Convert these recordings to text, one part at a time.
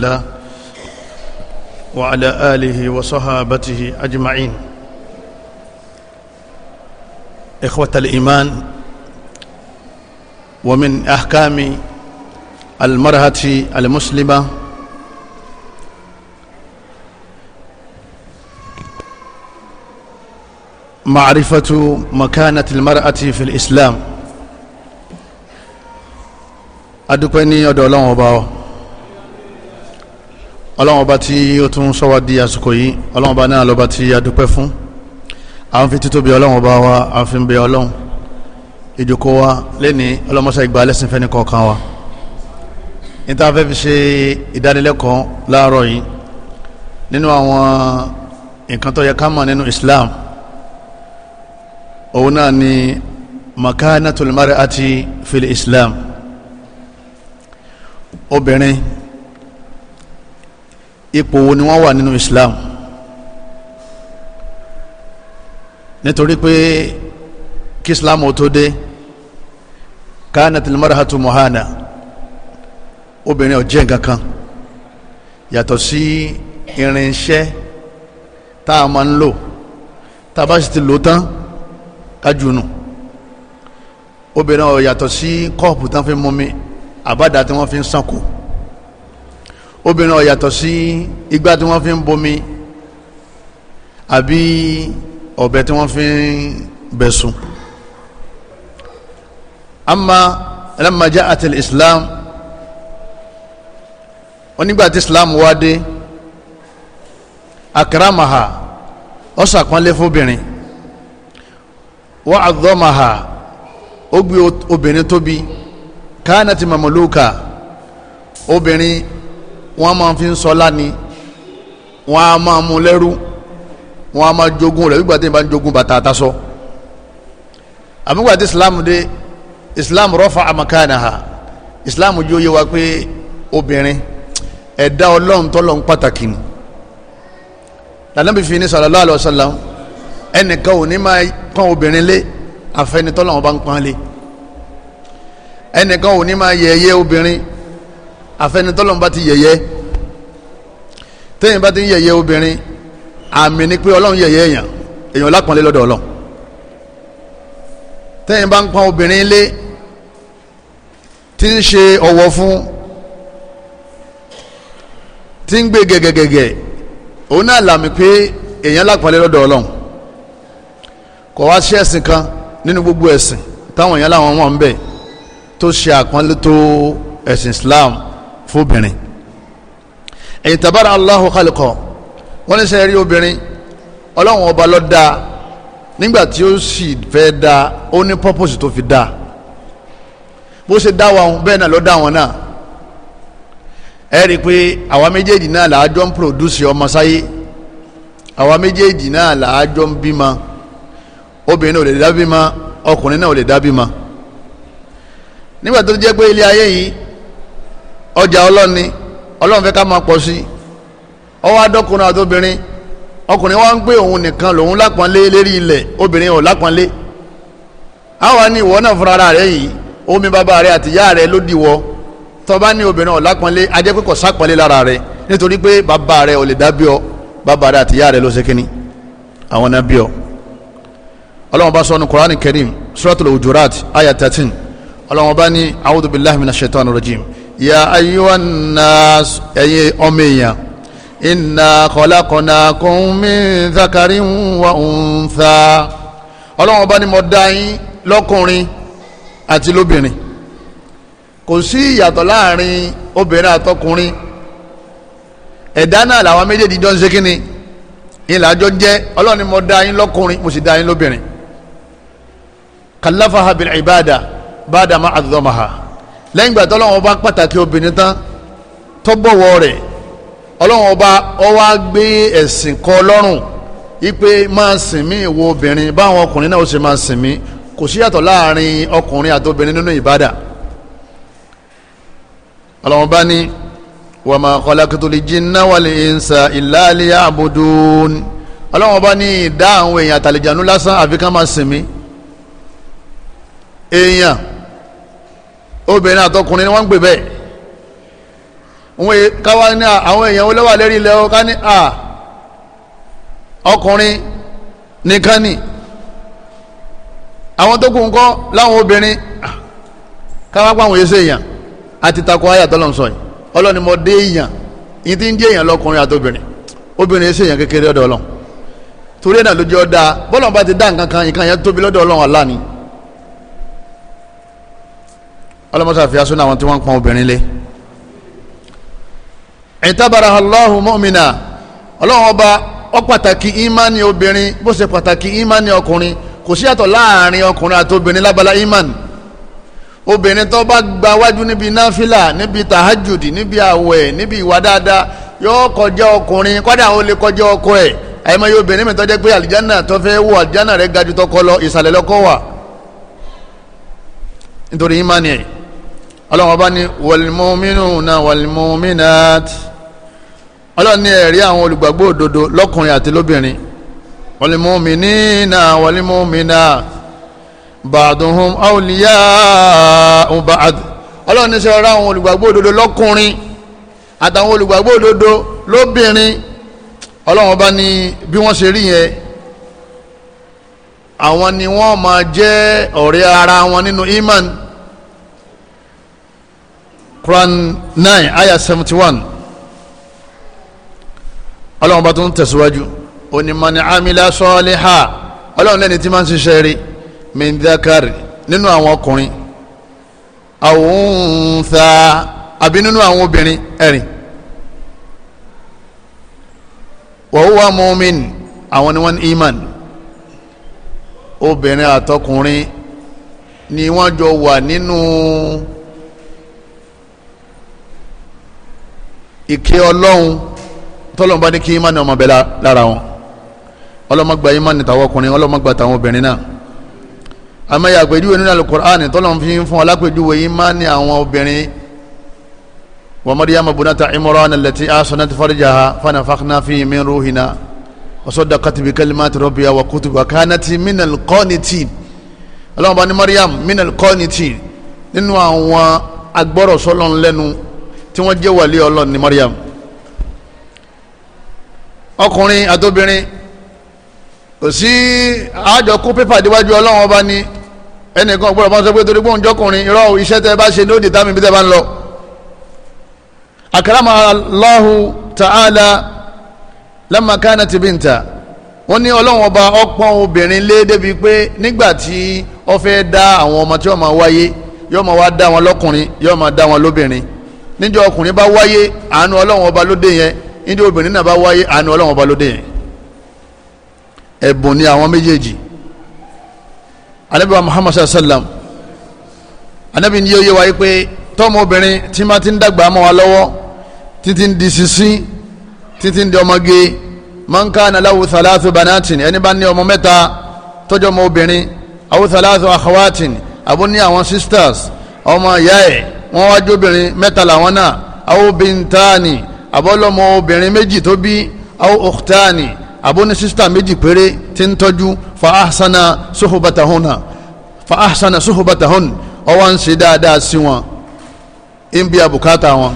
الله وعلى آله وصحابته أجمعين إخوة الإيمان ومن أحكام المرأة المسلمة معرفة مكانة المرأة في الإسلام أدوكني أدولان وباو ọlọ́wọ́n bá tí ó tún sọ wá di àsìkò yìí ọlọ́wọ́n bá náà lọ́ba tí a dúpẹ́ fún àwọn fi títóbi ọlọ́wọ́n bá wa àwọn fi ń bẹ ọlọ́wọ́n ìdòkó wa lẹ́ni ọlọ́mọṣẹ́ ìgbà lẹ́sìn ní kọ̀ọ̀kan wa níta fẹ́ fi ṣe ìdánilẹ́kọ̀ọ́ láàárọ̀ yìí nínú àwọn nǹkan tó yẹ ká mọ̀ nínú Islam òun náà ni makanatul mar'ati fil Islam obìnrin ipò wo ni wọ́n wà nínú Islam nítorí pé kí Islam ó tó dé kánàtì marhatu mohana obìnrin ọ̀jẹ́ nǹkan kan yàtọ̀ sí irinṣẹ́ tá a máa ń lò tá a bá sì ti lò tán kájú nù obìnrin ọ̀ yàtọ̀ sí kọ́ọ̀pù tán fi mú mi tí wọ́n fi ń sànkó obìnrin ó yàtọ̀ sí igbá tí wọ́n fi ń bomi àbí ọ̀bẹ tí wọ́n fi ń bẹ̀sùn amma lamma ja'at al-islam onígbàtí islam wá dé akramaha ó ṣàpọ́nlé fóbìnrin wa adhamaha ó gbé obìnrin tóbi kanat mamluka obìnrin wọ́n máa fi ń sọlá ni wọ́n á máa mú lẹ́rú wọ́n á máa jogún rẹ̀ wípé àtẹ̀yìnbá ń jogún bàtà àtàsọ àmúgbàtí Islam dé Islam rọ́fà àmàkánàhà Islam jẹ́ òye wa pé obìnrin ẹ̀dá ọlọ́run tọ́lọ́run pàtàkì ni lànàbí fi ní sallallahu alaihi wasallam ẹnìkan ò ní máa pọ́n obìnrin lé àfẹnitọ́lọ́run bá ń pọ́n lé ẹnìkan ò ní máa yẹ̀yẹ́ obìnrin àfẹnitọ́lọ́n bá ti yẹ̀yẹ́ tẹ́yìn bá ti ń yẹ̀yẹ́ obìnrin àmì ni pé ọlọ́run yẹ̀yẹ́ èèyàn èèyàn lápọ̀nlé lọ́dọ̀ ọlọ́run tẹ́yìn bá ń pọn obìnrin lé tí ń ṣe ọ̀wọ̀ fún tí ń gbé gẹ̀gẹ̀gẹ̀gẹ̀ òun náà làmì pé èèyàn lápọ̀nlé lọ́dọ̀ ọlọ́run kò wá sí ẹ̀sìn kan nínú gbogbo ẹ̀sìn táwọn èèyàn láwọn wọn bẹ tó ṣe àpọ́nlé tó ẹ̀sìn Islam fóbìnrin ẹ̀yìn tabara Allahu khalqa wọ́n ní sẹ́yìn rí obìnrin ọlọ́run ọba ló dá nígbà tí ó sì fẹ́ dá ó ní purpose tó fi dá bó ṣe dá wa bẹ́ẹ̀ náà ló dá wọn náà ẹ rí i pé àwa méjèèjì náà là jọ ń produce ọmọ sáyé àwa méjèèjì náà là jọ ń bímọ obìnrin ò lè dá ọkùnrin náà ò lè dá nígbà tó jẹ́ pé ilé ayé yìí ọjà ọlọ́run ni ọlọ́run fẹ́ ká máa pọ̀ sí i ọwọ́ adọ́kùnrin àtobìnrin ọkùnrin wa ń pé òun nìkan lòun lápọ́nlé lérí ilẹ̀ obìnrin ò lápọ́nlé àwa ni ìwọ náà fúnra rẹ yìí omi bàbá rẹ àtìyá rẹ ló dìwọ tọba ní obìnrin ò lápọ́nlé ajẹ́ pé kò sápọ́nlé lára rẹ nítorí pé bàbá rẹ ò lè dá bí ọ bàbá rẹ àtìyá rẹ ló ṣe kínní àwọn náà bí ọ ọlọ́wọ́n bá sọ́nu Qur'an Karim Suratul Hujurat ayat thirteen ọlọ́wọ́n bá ní a'udhu billahi minash shaitani rajim ya ayyuhan nas ẹ̀yin ọmọ èèyàn inna khalaqnakum min dhakarin wa untha ọlọ́run ọba ni mo dá yín lọ́kùnrin àti lóbìnrin kò sí ìyàtọ̀ láàrin obìnrin àtọkùnrin ẹ̀dá náà làwọn méjèèjì jọ ń ṣe kí ni ìlàjọ jẹ́ ọlọ́run mo dá yín lọ́kùnrin mo sì dá yín lóbìnrin kàláfà habil ibada bada ma lẹ́yìn ìgbà tọ́lọ́wọ́n ọba pàtàkì obìnrin tán tọ́bọ̀wọ̀ rẹ̀ ọlọ́wọ́n ọba ọwá gbé ẹ̀sìn kọ́ lọ́rùn ipe máa sìn mí ìwo obìnrin báwọn ọkùnrin náà ó ṣe máa sìn mí kò sí yàtọ̀ láàrin ọkùnrin àti obìnrin nínú ìbádà ọlọ́wọ́n bá ní wa ma khalaqtul jinna wal insa illa liya'budun ọlọ́wọ́n bá ní ìdá àwọn èèyàn àtàlẹ̀jànú lásán àfi ká máa sìn mí èèyàn obìnrin àtọkùnrin ni wọ́n ń pè bẹ́ẹ̀ wọ́n káwá ní àwọn èèyàn olówà lérí ilẹ̀ ọ ká ní à ọkùnrin nìkan ni àwọn tó kù ń kọ́ láwọn obìnrin káwá pa àwọn èso èèyàn àti takọ ayé àtọ́lọ́nsọ yìí ọlọ́ni mo dé èèyàn yìí ti ń dé èèyàn lọ́kùnrin àtobìnrin obìnrin èso èèyàn kékeré ọ̀dọ̀ ọlọ́run torí ẹ̀ náà lójú ọ̀dà bọ́lọ̀ bá ti dá nǹkan kan nǹkan yẹn tóbi lọ́dọ̀ ọlọ́run àlá ọlọ́mọsá fi asúnà àwọn tí wọ́n ń pọn obìnrin lé ìtàbàrà Allahu mọ́mìnà ọlọ́run ọba ọ pàtàkì ìmánì obìnrin bó ṣe pàtàkì ìmánì ọkùnrin kò sí àtọ̀ láàrin ọkùnrin àti obìnrin lábala ìmánì obìnrin tó bá gba wájú níbi náfìlà níbi tàhájùdì níbi àwẹ̀ níbi ìwà dáadáa yóò kọjá ọkùnrin kọ́dà ó lè kọjá ọkọ ẹ̀ àyẹ̀mọ́ yóò obìnrin mi tọ́jẹ́ pé àlìjánà tó fẹ́ wọ àlìjánà rẹ̀ ga ju lọ ìsàlẹ̀ lọ́kọ́ wà nítorí ìmánì ẹ̀ ọlọ́run ọba ní wàlmọ́mínúna wàlmọ́mínát ọlọ́run ní ẹ̀rí àwọn olùgbàgbọ́ òdodo lọ́kùnrin àti lóbìnrin wàlmọ́mínínà wàlmọ́mínà bàdùnhùn àwòlíyá ọbaàd ọlọ́run ní sọ ọ̀rọ̀ àwọn olùgbàgbọ́ òdodo lọ́kùnrin àtàwọn olùgbàgbọ́ òdodo lóbìnrin ọlọ́run ọba bí wọ́n ṣe rí yẹn àwọn ni wọ́n máa jẹ́ ọ̀rẹ́ ara wọn nínú iman. Quran nine aya seventy one ọlọ́run bá tó ń tẹ̀síwájú onímọ̀ni amila sọ́ọ́líhà ọlọ́run lẹ́ni tí máa ń ṣiṣẹ́ rí mindakari nínú àwọn ọkùnrin àwòǹta àbí nínú àwọn obìnrin ẹ̀rìn wàhùwà mọ́mìn àwọn ni wọ́n ní iman obìnrin àtọkùnrin ni wọ́n jọ wà nínú. No ìkẹ́ ọlọ́run tọ́lọ́mọba ní kí imáni ọmọ bẹ́ẹ̀ lára wọn ọlọ́mọgba imáni tàwọn ọkùnrin ọlọ́mọgba tàwọn obìnrin náà àmọ́ yà àpèjúwe nínú alukur'an tọ́lọ́n fi ń fún alápèjúwe imáni àwọn obìnrin wa Maryama bunata Imran allati ahsanat farjaha fanafakhna fihi min ruhina wa saddaqat bi kalimati rabbiha wa kutubihi wa kanat minal qanitin ọlọ́mọba ní Maryam minal qanitin nínú àwọn agbọ́rọ̀ sọ́lọ́n lẹ́nu tí wọ́n jẹ́ wàlẹ́ ọlọ́run ní Mariam ọkùnrin àtobìnrin kò sí àjọ kó pépà déwájú ọlọ́run ọba ni ẹnìkan ọ̀gbọ́dọ̀ bá ń sọ pé torí gbóhùn jọkùnrin irọ́ iṣẹ́ tẹ́ bá ṣe ní ó dìtà mi bí tẹ́ bá ń lọ. àkàràmà Allahu ta'ala lamma kanat binta wọ́n ní ọlọ́run ọba ọpọ́n obìnrin lé débi pé nígbà tí ó fẹ́ dá àwọn ọmọ tí ó máa wáyé yóò máa wá dá wọn lọ́kùnrin yóò máa dá wọn lóbìnrin níjọ́ ọkùnrin bá wáyé àánú ọlọ́run ọba ló dé yẹn níjọ́ obìnrin náà bá wáyé àánú ọlọ́run ọba ló dé yẹn ẹ̀bùn ni àwọn méjèèjì anabiwa muhammad sallam anabi ni yóò yé wáyé pé tọ́mọbìnrin tí ma ti ń dàgbà mọ́ wa lọ́wọ́ títí ń di sísín títí ń di ọmọge man kana lahu thalathu banatin ẹni bá ní ọmọ mẹ́ta tọ́jọ́ ọmọ obìnrin aw thalathu akhawatin àbó àwọn sisters ọmọ ìyá ẹ̀ wọ́n wá jóbìnrin mẹ́ta làwọn náà awo bintani abọ́lọ́mọ obìnrin méjì tó bí awo okhtani abóni sísítà méjì péré tí ń tọ́jú fa ahsana suhubatahunna fa ahsana suhubatahun ọwọ́ ń ṣe dáadáa sí wọn ń bí abùkátà wọn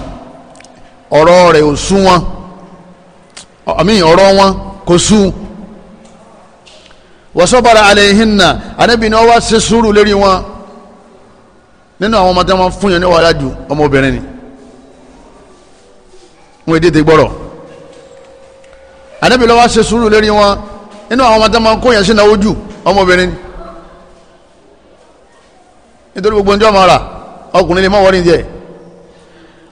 ọ̀rọ̀ rẹ̀ ò sú wọn àmì ọ̀rọ̀ wọn kò sú wọ́n sọ́bàrà alẹ́ hinna anábìnrin ọwọ́ ṣe sùúrù lérí wọn nínú àwọn ọmọdé wọn fún yẹn ní wàhálà ju ọmọbìnrin ni wọn èdè tẹ gbọrọ ànábì lọ́wọ́ ṣe sùúrù lérí wọn nínú àwọn ọmọdé wọn kó yẹn sí náwó ju ọmọbìnrin ni nítorí gbogbo ọjọ́ mara ọkùnrin lè má wọrí jẹ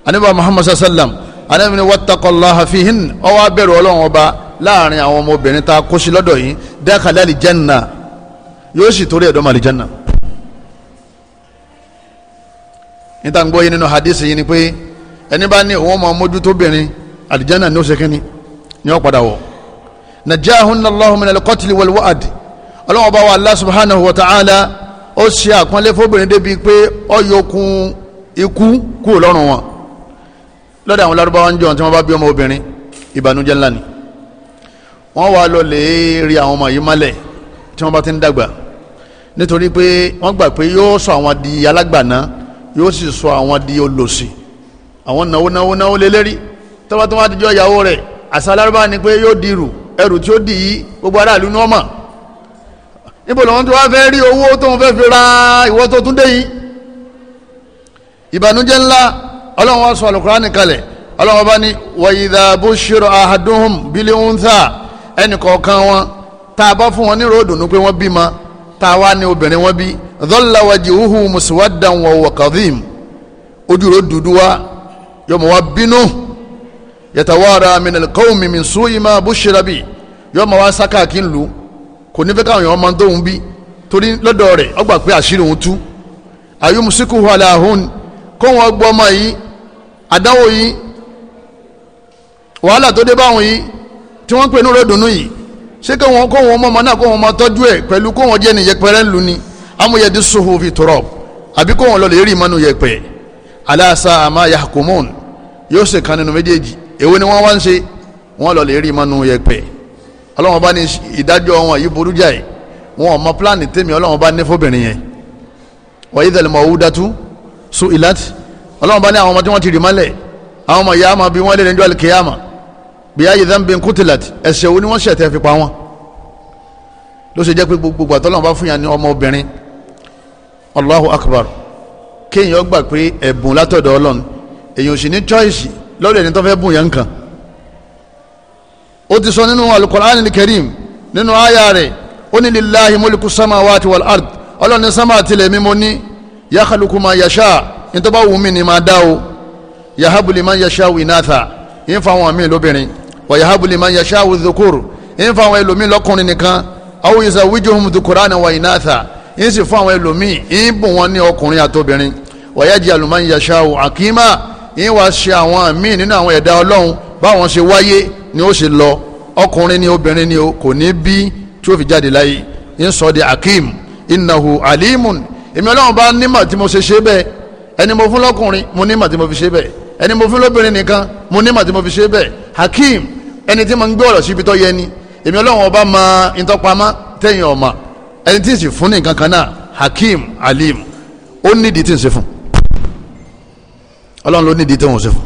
ànábì muhammad sallam ànábì ni wattaqallaha fihin ọwọ́ abẹ́rù ọlọ́run ọba láàrin àwọn ọmọbìnrin ta kó sí lọ́dọ̀ yìí dákàlẹ́ àlìjẹ́nà yóò sì torí ẹ̀dọ́ màlìjẹ́nà. níta ń gbọ́ yé nínú hadisi yìí ni pé ẹni bá ní òun máa mójútó bìnrin àlìjánà ní oṣù kínní ni wọ́n padà wọ̀ najahunna Allahu minal qatli wal wa'd ọlọ́wọ́n bá wa Allah subhanahu wa ta'ala ó ṣe àpọ́nlé fóbìnrin débi pé ó yọkun ikú kúrò lọ́rùn wọn lọ́dọ̀ àwọn lárúbáwá ń jọ tí wọ́n bá bí ọmọ obìnrin ìbànújẹ́ ńlá ni wọ́n wá lọ lè rí àwọn ọmọ yìí mọ́lẹ̀ tí wọ́n bá ti ń dàgbà nítorí pé wọ́n gbà pé yóò sọ àwọn di alágbàná yóò sì sọ àwọn di olòṣì àwọn náwó náwó náwó lélẹ́rí tọ́ba tó wá dijọ́ ìyàwó rẹ̀ àṣà alárúbá ni pé yóò di irù ẹrù tí ó di yìí gbogbo aráàlú ni wọ́n mọ̀ níbo làwọn tó wá fẹ́ rí owó tó ń fẹ́ fi ra ìwọ́ tó tún dé yìí ìbànújẹ́ ńlá ọlọ́run wá sọ àlùkùránì kalẹ̀ ọlọ́run bá ní wàyídà bushira ahaduhum bílí untha ẹnì kọ̀ọ̀kan wọn tá a bá fún wọn ní ròdùnú pé wọ́n bímọ tá a wá ní obìnrin wọn bí dhalla wajhuhu muswaddan wa huwa kadhim ojú rẹ̀ dúdú wa yọmọ wa bínú yatawara min alqawmi min su'i ma bushira bi yọmọ wa sáká kí n lu kò ní fẹ́ káwọn èèyàn máa tóun bí torí lọ́dọ̀ rẹ̀ ó gbà pé àṣírí òun tú ayumsikuhu ala hun kóun ọgbọ́n ọmọ wàhálà tó dé báwọn yìí tí wọ́n pè ní ròdùnú yìí ṣé kóun ọmọ náà kóun ọmọ tọ́jú ẹ̀ pẹ̀lú kóun jẹ́ nìyẹpẹrẹ ńlu ni amúyẹ̀dí sùhù fi turab àbí kó wọn lọ lè rí ìmọ̀nù yẹpẹ̀ aláṣà àmà yahkumun yóò ṣe kan nínú méjèèjì èwo ni wọ́n wá ń ṣe wọ́n lọ lè rí ìmọ̀nù yẹpẹ̀ ọlọ́wọ́n bá ní ìdájọ́ wọn yìí burú jáì wọn ò mọ pílánì tèmi ọlọ́wọ́n bá ní fóbìnrin yẹn wàyí dẹ̀lẹ̀ mọ̀ owó dátú su ilat ọlọ́wọ́n bá ní àwọn ọmọ tí wọ́n ti rì mọ́lẹ̀ àwọn ọmọ ìyá ọmọ bí wọ́n lé níjọ́ alikiyama bí ayé dánbin kutilat ẹ̀ṣẹ̀ wo ni wọ́n ṣẹ̀ tẹ́ fi pa wọn ló jẹ́ pé gbogbo àtọ́lọ́wọ́n bá fún yàn ní ọmọ obìnrin allahu akbar kéèyàn gbà pé ẹ̀bùn látọ̀dọ̀ ọlọ́run èèyàn sì ní choice lọ́dọ̀ ẹni tó fẹ́ bùn yẹn kan ó ti sọ nínú alukur'an karim nínú àyà rẹ̀ ó ní lillahi mulku samawati wal ard ọlọ́run ní sámà tilẹ̀ mímọ́ ní yakhluqu ma yasha nítorí bá wù mí ni máa dá o yahabu liman yasha winatha yín fa àwọn míì lóbìnrin wa yahabu liman yasha dhukur yín fa àwọn lọ́kùnrin nìkan aw yuzawijuhum dhukurana wa inatha ń sì fún àwọn ẹlòmíì ń bùn wọn ní ọkùnrin àtobìnrin wàyájì àlùmáyìn yàṣà ò àkímà ń wá ṣe àwọn míì nínú àwọn ẹ̀dá ọlọ́run báwọn ṣe wáyé ni ó ṣe lọ ọkùnrin ni obìnrin ni o kò ní bí tí ó fi jáde láyé ń sọ di akim innahu alimun èmi ọlọ́run bá nímọ̀ tí mo ṣe ṣe bẹ́ẹ̀ ẹni mo fún lọ́kùnrin mo nímọ̀ tí mo fi ṣe bẹ́ẹ̀ ẹni mo fún lóbìnrin nìkan mo nímọ̀ tí mo fi ṣe bẹ́ẹ̀ hakim ẹni tí mo ń gbé ọ̀rọ̀ síbi tó yẹ èmi ọlọ́run ọba mọ ìtọ́pamọ́ tẹ̀yìn ọ̀ma ẹni tí ń sì fún ní nǹkan náà hakim alim ó nídìí tí ń ṣe fún ọlọ́run ló nídìí tí wọ́n ṣe fún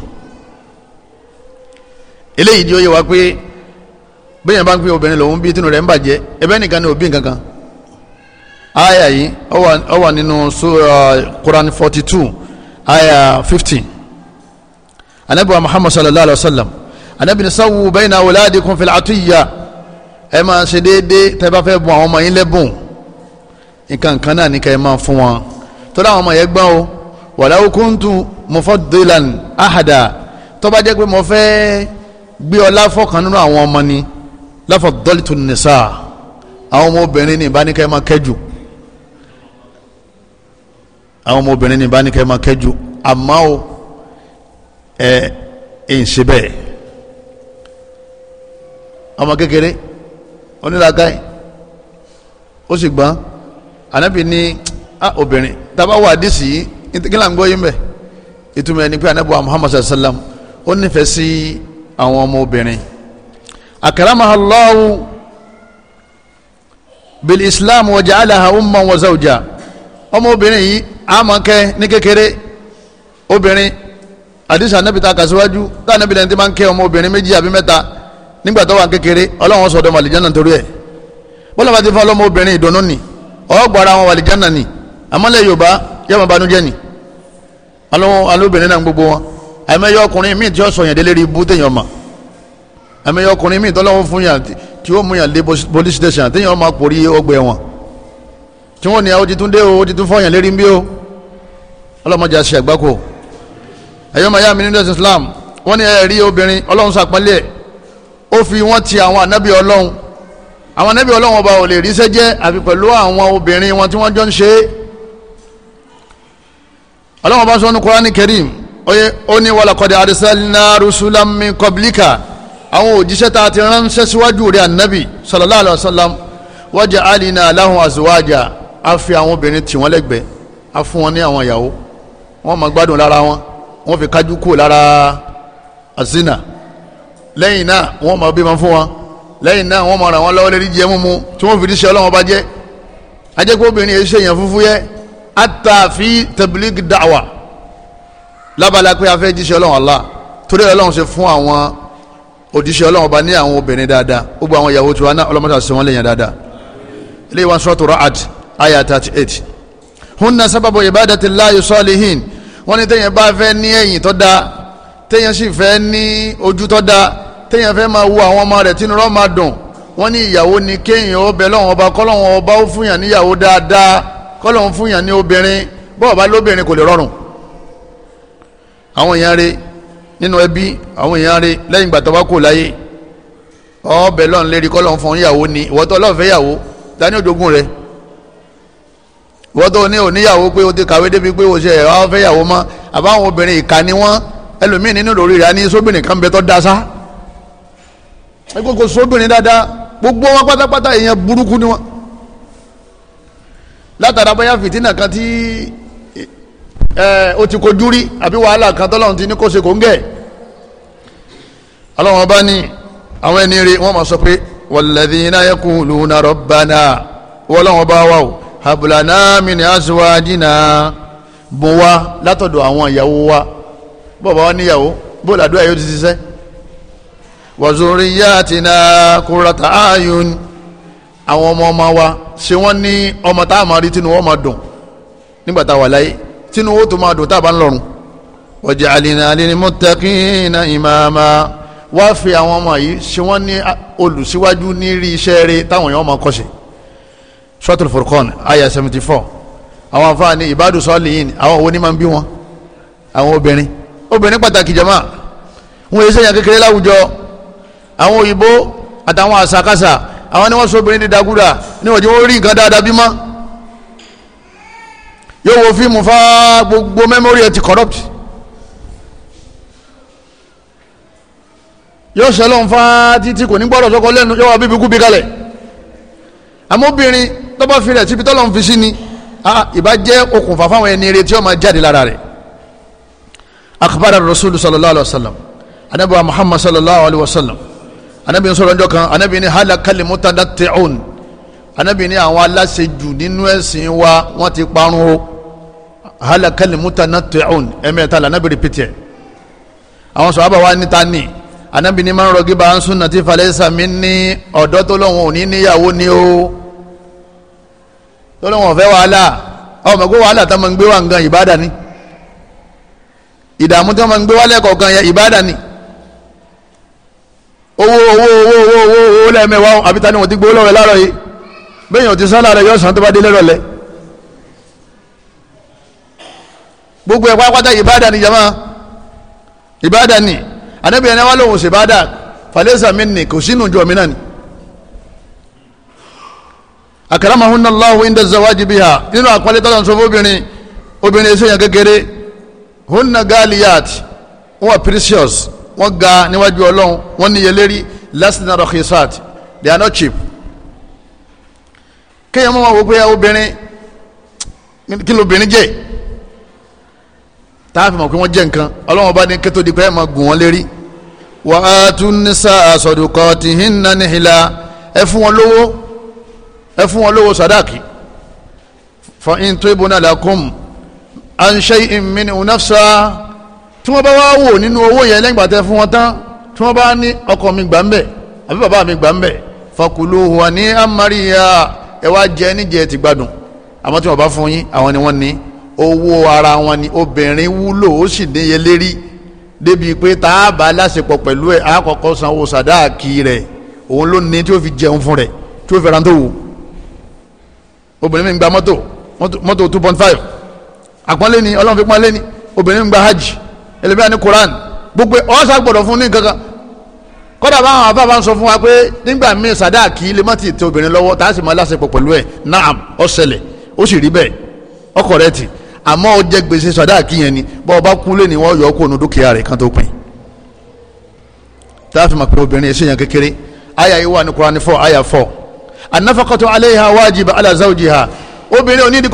eléyìí di oyè wa pé bẹ́ẹ̀ bá ń pín obìnrin lòun bí tinú rẹ̀ ń bàjẹ́ ẹbẹ́ nìkan ni òbí nǹkan aya yìí ó wà nínú sura Quran forty two aya fifteen anabi wa Muhammad sallallahu alaihi wa sallam anabi ni sawu bayna awladikum fil atiyya ẹ máa ṣe déédéé tẹ́ bá fẹ́ bùn àwọn ọmọ yín lẹ́bùn nǹkan kan náà ní ká ẹ máa fún wọn tọ́lá àwọn ọmọ yẹn gbọ́n o wàláwó kúntù mufaddilan ahada tó bá jẹ́ pé mo fẹ́ gbé ọlá fọ́kàn nínú àwọn ọmọ ni lafaddaltu nisa àwọn ọmọbìnrin ní ìbánikẹ́ máa kẹ́jù àwọn ọmọbìnrin ní ìbánikẹ́ máa kẹ́jù àmọ́ o ẹ ẹ ń ṣe bẹ́ẹ̀ ọmọ kékeré onílàgá ó sì gbọ́n anabi ní a ah, obìnrin taba wà dísì yìí kí là ń gbọ́ yín bẹ̀ ìtumọ̀ ẹni pé anabi wa muhammad sallam ó nífẹ̀ẹ́ sí àwọn ọmọ obìnrin akaramaha Allahu bil islam wa ja'alaha umman wa zawja ọmọ obìnrin yìí àmọ̀kẹ́ ní kékeré obìnrin àdìsí anabi ta kàṣíwájú tá anabi lẹ́ni tí máa ń kẹ́ ọmọ obìnrin méjì àbí mẹ́ta nígbà tó wà kékeré ọlọ́run sọ̀dọ̀ màlìjánà torí ẹ̀ bọ́lá bá ti fún ọlọ́mọ obìnrin ìdùnnú nìí ọgbàrá wọn wàlì jánà ni àmọ́lẹ̀ yorùbá yẹ́mọ̀ banújẹ́ ni alóbìnrin náà gbogbo wọn àmẹ́yọ ọkùnrin míì tí ó sọ yàn délé rí ibú téèyàn mọ̀ àmẹ́yọ ọkùnrin míì tọ́lọ́wọ́ fún yàn tí ó mú yàn lé police station téèyàn máa pòrí ọgbà ẹ̀wọ̀n tí wọ́n ní àwọn ah, titun dé o titun fọ́yàn lérí bí o ọlọ́mọdé àṣẹ àgbákò ẹ̀yọ́ maya mi Islam wọ́n ní ẹ̀rí obìnrin ọlọ́run sàpọ́nlé ó fi wọ́n ti àwọn nẹ́bí ọlọ́wọ́n ọba ò lè ríṣẹ́ jẹ́ àfi pẹ̀lú àwọn obìnrin wọn tí wọ́n jọ ń ṣe é ọlọ́wọ́n ọba sọ́nu Kùránì Karim ó ní walaqad arsalna rusulan min qablika àwọn òjíṣẹ́ tá ti ránṣẹ́ síwájú rẹ̀ ànábì sallallahu alayhi wa sallam waja'alna lahum azwaja a fi àwọn obìnrin tì wọ́n lẹ́gbẹ̀ẹ́ a fún wọn ní àwọn ìyàwó wọ́n máa gbádùn lára wọn wọ́n fi kájú kù lára àzínà lẹ́yìn náà wọ́n máa bímọ fún wọn lẹ́yìn náà wọ́n máa ràn wọ́n lọ́wọ́ lérí jẹ múmu tí wọ́n fi di ṣe ọlọ́wọ́n bá jẹ́ ajẹ́kọ́bìnrin yẹn ṣèyàn fúnfún yẹ àtàfi tablig da'wa lábala pé afẹ́ jíṣẹ́ ọlọ́wọ́n Allah torí ọlọ́wọ́n ṣe fún àwọn òjíṣẹ́ ọlọ́wọ́n bá ní àwọn obìnrin dáadáa ó àwọn ìyàwó tiwa náà ọlọ́mọdé àti sẹ́wọ́n lẹ́yìn dáadáa ilé ìwà sọ́ọ̀tù tó dáa téèyàn téèyàn fẹ́ máa wo àwọn ọmọ rẹ̀ tí nírọ́ máa dùn wọ́n ní ìyàwó ni kéèyàn ó bẹ lọ́wọ́n ọba kọ́lọ́wọ́n ọba ó fún yàn níyàwó dáadáa kọ́lọ́wọ́n fún yàn ní obìnrin bọ́ọ̀ bá lóbìnrin kò lè rọrùn. àwọn èèyàn rẹ̀ nínú ẹbí àwọn èèyàn rẹ̀ lẹ́yìn ìgbà tó bá kò láyé ọbẹ̀ lọ́n lérí kọ́lọ́wọ́n fún yàwó ni ìwọ́tọ́ ọlọ́fẹ́ yàwó dání òjogún rẹ̀ ìwọ́tọ́ ní oníyàwó pé o ti kàwé débi pé o ṣe ẹ̀ yàwó mọ́ àbáwọn obìnrin ìkà ni ẹlòmíì nínú lórí rẹ̀ á ní sóbìnrin kan bẹ tó dáa sáà ẹgbẹ́ kò sóbìnrin dáadáa gbogbo wọn pátápátá èèyàn burúkú ni wọn látara bóyá fìtínà kan tí ẹ o ti kojú rí àbí wàhálà kan tọ́lọ́run ti ní kó ṣe kó ń gẹ̀ ọlọ́run ọba ní àwọn ẹni rí wọ́n máa sọ pé walladhina yaquluna rabbana ọlọ́run ọba wà o hablana min azwajina bùn wa látọ̀dọ̀ àwọn ìyàwó wa bọ́ọ̀bá wa níyàwó bó làdúrà yóò ti ṣiṣẹ́ wàzúríyàtìna kúrọ̀tà ààyùn àwọn ọmọ ọmọ wa ṣé wọ́n ní ọmọ tá a máa rí tínú wọn máa dùn nígbà wà láyé tínú tó máa dùn tá a bá ń lọ́run waj'alina lil muttaqina imama wá fi àwọn ọmọ yìí ṣé wọ́n ní olùsíwájú ní rí iṣẹ́ rere táwọn èèyàn máa kọ́ṣe Suratul Furqan aya seventy four àwọn afáàní ìbádùn sọ́ọ̀lìyìn àwọn òwò ní máa ń bí wọn àwọn obìnrin obìnrin pàtàkì jama wọn èyí sẹ́yìn kékeré láwùjọ àwọn òyìnbó àtàwọn àṣàkáṣà àwọn ni wọ́n so obìnrin dídagúdà níwọ̀n tí wọ́n rí nǹkan dáadáa bímọ yóò wo fíìmù fá gbogbo mẹ́mórì ẹ̀ ti corrupt yóò ṣẹlẹ̀ ń fa títí kò ní gbọ́dọ̀ sọ́kọ lẹ́nu yóò wá bíbí kú bí kalẹ̀ àmóbìnrin tó bá fi rẹ̀ síbi tọ́lọ̀ ń fi sí ni ìbá jẹ́ okùnfà fáwọn ẹni retí ó máa jáde lára rẹ̀ akhbara rasul sallallahu alayhi wa sallam anabi wa muhammad sallallahu alayhi wa sallam anabi sọ̀rọ̀ ọjọ́ kan anabi ni halakali mutadatiun anabi ni àwọn aláṣejù nínú ẹ̀sìn wa wọ́n ti parun o halakali mutadatiun ẹ̀mẹ́ta la anabi ripiti ẹ̀ àwọn abawa àbáwá níta ní anabi ni máa ń rọgí bá ń sún nàti falẹ́sà mi ní ọ̀dọ́ tó lọ́wọ́n níyàwó ni o tó lọ́wọ́n fẹ́ wàhálà ọmọ gbé wàhálà tá máa ń gbé wà nǹkan ìbádà ni ìdààmú tá máa ń gbé wàhálà kọ̀ọ̀kan yẹ ìbádà ni owó owó owó owó owó owó lẹ́ẹ̀mẹ́wàá àbí ta ni wọ́n ti gbowó lọ́wọ́ láàárọ̀ yìí bẹ́ẹ̀ yàn ti sálà rẹ̀ yọ̀sán tó bá dé lẹ́rọ̀lẹ́ gbogbo ẹ̀ pátápátá ìbáàdà ni jama ìbáàdà ni ànábìyẹn náà wà lóhùn sí ìbáàdà falẹ́sà mi nì kò sínú ju ọ̀mí náà ni akaramahunna allahu inda zawaji biha nínú àpọ́nlé tọ́lá nsọ́fọ́ obìnrin obìnrin èso yẹn kékeré hunna galiyat wọ́n precious wọ́n ga níwájú ọlọ́run wọ́n níye lérí lasna rakhisat they are not cheap. kéèyàn mọ́ wọn wò pé obìnrin kí lóbìnrin jẹ́ tá a fi mọ̀ pé wọ́n jẹ́ nǹkan ọlọ́run bá ní kẹ́tọ́ di pé ẹ̀ máa gùn wọ́n lérí. wa atu nisa saduqatihinna nihla ẹ fún wọn lówó ẹ fún wọn lówó sàdáàkì fa in tibna lakum an shay'in minhu nafsa tí wọ́n bá wá wò nínú owó yẹn lẹ́yìn gbàtẹ́ fún wọn tán tí wọ́n bá ní ọkọ mi gbà ń bẹ̀ àbí bàbá mi gbà ń bẹ̀ fakulu wa ní amariya ẹ wá jẹ níjẹ ti gbádùn àmọ́ tí wọ́n bá fún yín àwọn ni wọ́n ní owó ara wọn ni obìnrin wúlò ó sì níye lérí débi pé tá a bá láṣepọ̀ pẹ̀lú ẹ̀ á kọ́kọ́ sanwó sàdáàkì rẹ̀ òun ló ní tí ó fi jẹun fún rẹ̀ tí ó fi ra tó wò obìnrin mi gba mọ́tò mọ́tò two point five àpọ́nlé ni ọlọ́run fi pọ́nlé ni obìnrin mi gba hajj ẹlẹ́bí ni Quran gbogbo ọ̀sà gbọdọ fún ní kankan kọ́dà báwọn àbá bá ń sọ fún wa pé nígbà míì lè má ti tẹ obìnrin lọwọ tá a sì máa láṣepọ̀ naam ọ ṣẹlẹ̀ ó sì rí bẹ́ẹ̀ ó correct àmọ́ ó jẹ gbèsè ni bọ́ ọ bá kú lé ní yọ kan tó pin tá a fi máa pe obìnrin ẹ̀ṣẹ̀ yẹn kékeré àyà yìí wà ní wajiba obìnrin onídìí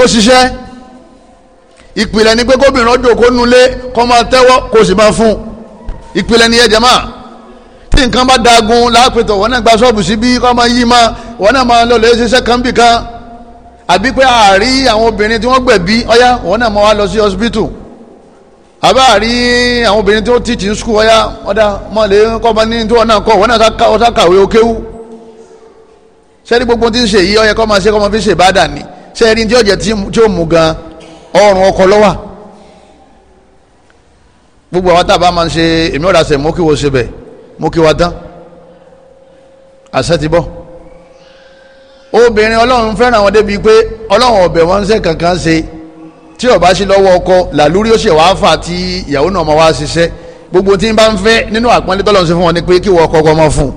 ìpìlẹ̀ ni pé kóbìnrin ọjọ́ kó nulẹ̀ kó máa tẹ́wọ́ kó sì máa fún ìpìlẹ̀ ni ẹ̀jẹ̀ máa tí nǹkan bá dagun lápẹ̀tọ̀ wọn náà gba ṣọ́ọ̀bù sí bí kó máa yí máa wọn náà máa lọ lè ṣiṣẹ́ kan bì kan àbí pé àárí àwọn obìnrin tí wọ́n gbẹ̀bí ọ̀yá wọn náà máa wá lọ sí hospital àbá àrí àwọn obìnrin tí wọ́n teach ní school ọ̀yá ọ̀dà máa lè kọ́ máa ní tí wọ́n náà kọ́ wọn náà sá kàwé okéwú sẹ́ni gbogbo tí ń ṣe yìí ó yẹ máa ṣe kó máa fi ṣe ìbádà ni sẹ́ni tí ó jẹ́ tí ó mú gan ọrùn ọkọ lọ́wà gbogbo àwọn tábà máa ń ṣe èmi ọ̀rọ̀ àṣẹ mọ́kíwò ṣe bẹ̀ mọ́kíwà dán àṣẹ ti bọ́ obìnrin ọlọ́run fẹ́ràn àwọn débi pé ọlọ́run ọ̀bẹ̀ wọn ń ṣe kankan ṣe tí ó bá sí lọ́wọ́ ọkọ làlúrí ó ṣe wàá fà tí ìyàwó náà máa wá ṣiṣẹ́ gbogbo tí ń bá ń fẹ́ nínú àpọ́nlé tọ́lọ́run ṣe fún wọn ni pé kí wọ́n ọkọ ọkọ fún un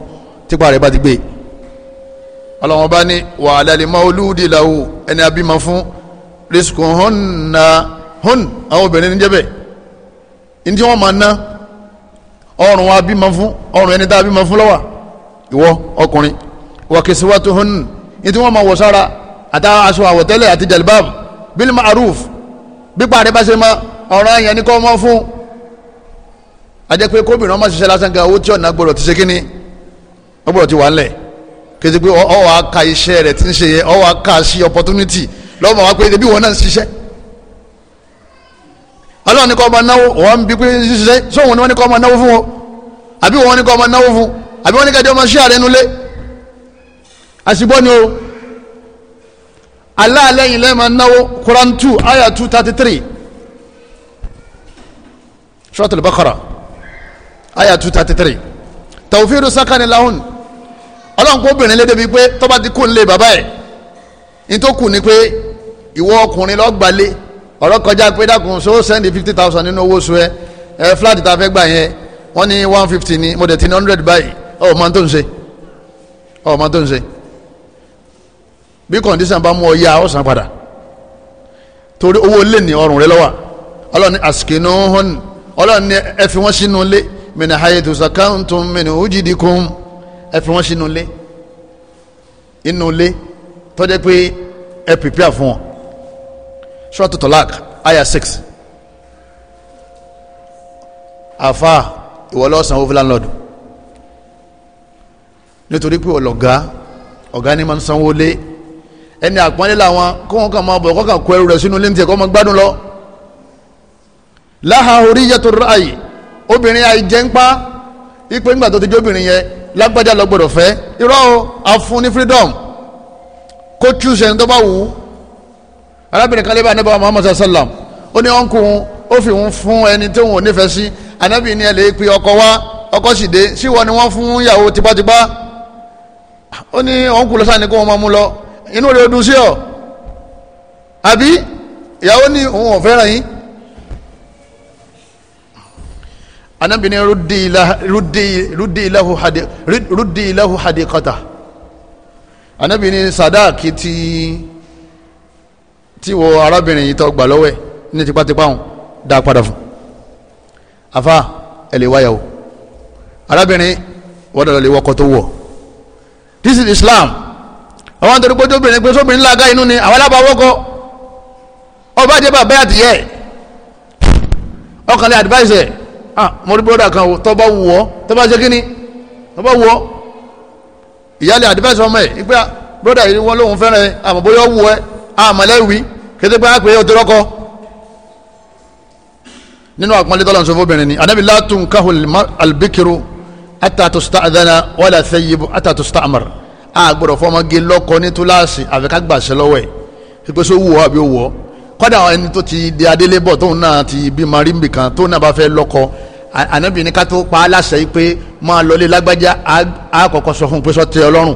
típa rẹ̀ bá ti gbé ọlọ́run bá ní wàhálà lè mọ olúdi làwọ̀ ẹni abímọ fún risiko hon na hon àwọn obìnrin ní jẹ́bẹ̀ ní tí wọ́n máa ná ọrùn wa bímọ fún ọrùn ẹni tá a bímọ fún lọ́wọ́ ìwọ ọkùnrin wà kìsíwájú hon ní wọ́n máa wọ̀ sára àti aṣọ àwọ̀tẹ́lẹ̀ àti jalbab bil aruf pípa rẹ bá ṣe ma ọ̀rọ̀ ẹ̀yàn ní kọ́ ọmọ fún ajẹ́ pé kóbìnrin ọmọ ṣiṣẹ́ lásán kan owó tí ọ̀nà gbọ́dọ̀ ti ṣe kínní ó gbọ́dọ̀ ti wà ńlẹ̀ kí n ti pé ọ̀ wá ka iṣẹ́ rẹ̀ ti ń ṣe yẹ ọ̀ wá ka sí opportunity lọ́mọ wa pé ebi wọn náà ń ṣiṣẹ́ ọlọ́run ní kọ́ ọmọ wọn pé ṣiṣẹ́ sóhun wọ́n ní kọ́ ọmọ náwó fún wọn àbí wọn ní kọ́ ọmọ náwó fún àbí ni o máa náwó Quran two ayah two thirty three ayah two thirty three tawfiru sakani lahun ìwọ ọkùnrin lọ́gbàlé ọ̀rọ̀ kọjá pé dákun so send fifty thousand nínú owó oṣù ẹ ẹ flat tá a gbà yẹn wọ́n ní one fifty ni mo dẹ̀ ti ní hundred báyìí ọ̀ máa tó ń ṣe ọ̀ máa tó ń ṣe bí condition bá mú ọ yá ọ san padà torí owó lè ní ọrùn rẹ lọ́wọ́ ọlọ́ni àsìkínú hàn ọlọ́ni ẹ fi wọ́n sínú ilé mìíràn hayatu sakantum mìíràn ojìdíkùn ẹ fi wọ́n sínú ilé inú ilé tọ́jú pé ẹ prepare fún suratu talaq aya 6 àfa ìwọlọ́sàn over landlord nítorí pé ọlọ́gá ọ̀gá ni máa ń sanwó lé ẹni àpọ́nlé làwọn kó wọn kàn máa bọ̀ kó kàn kó ẹrù rẹ̀ sínú ilé ní tiẹ̀ kó máa gbádùn lọ. láha hurriyatur ra'yi obìnrin àìjẹ́ ń pa ipe ńgbà tó ti jóbìnrin yẹn lágbájá lọ gbọdọ̀ fẹ́ irọ́ o a fún ní freedom kó choose ẹni tó bá wù ú arábìnrin kan lébà níbà Muhammad sallam ó ní ọ̀nkùn ó fi òun fún ẹni tó òun nífẹ̀ẹ́ sí anábì ní ẹ lè pe ọkọ wá ọkọ sì dé síwọ ni wọ́n fún yàwó tipátipá ó ní ọ̀nkùn lọ́sàn ni kó wọn máa mú lọ inú rẹ̀ ó dùn sí ọ àbí ìyàwó ní òun ò fẹ́ràn yín anábì ní rúdì ìlàhù hadìkọta anábì ní sàdáàkì ti tí wo arábìnrin yìí tó gbà lọ́wọ́ ẹ̀ ní tipátipá òun dá a padà fún afa ẹ lè wáyà o arábìnrin wọ́n lọ lè wọ́kọ tó wọ̀ this is Islam àwọn àti olùgbọ́jọ́ obìnrin pé sóbìnrin lága inú ni àwọn alábàáwọ́kọ ọba jẹ́ bàbá àtìyẹ́ ọkànlẹ̀ adviser ah mo rí broda kan tó bá wù ọ́ tó bá ṣe kí ni tó bá wù ọ́ ìyáálé adviser ọmọ ẹ̀ ìgbà broda yìí wọ́n lóun fẹ́ràn ẹ̀ àmọ́ bóyá ó wù ẹ́ àmọ̀lẹ́wì ah, kété pé àpè ọjọ́ lọ́kọ́ nínú àpọ́nlé tọ́lọ̀ nsọ́fọ́ obìnrin ni anabi látún kahul albikiru atatosita adana wàlá sẹyibu atatosita amar àgbọ̀dọ̀ fọmọge lọ́kọ ní túláàsì àfikà gbàṣẹ lọ́wọ́ ẹ̀ ìpèsè owó àbí owó kọ́dà àwọn ẹni tó ti di adélébọ̀ tóun náà ti bí marimbi kan tóun náà bá fẹ́ lọ́kọ anabi ní ká pa á láṣẹ yìí pé máa lọlé lágbájá àkọ́kọ́ sọ fún pé sọ tẹ ọlọ́run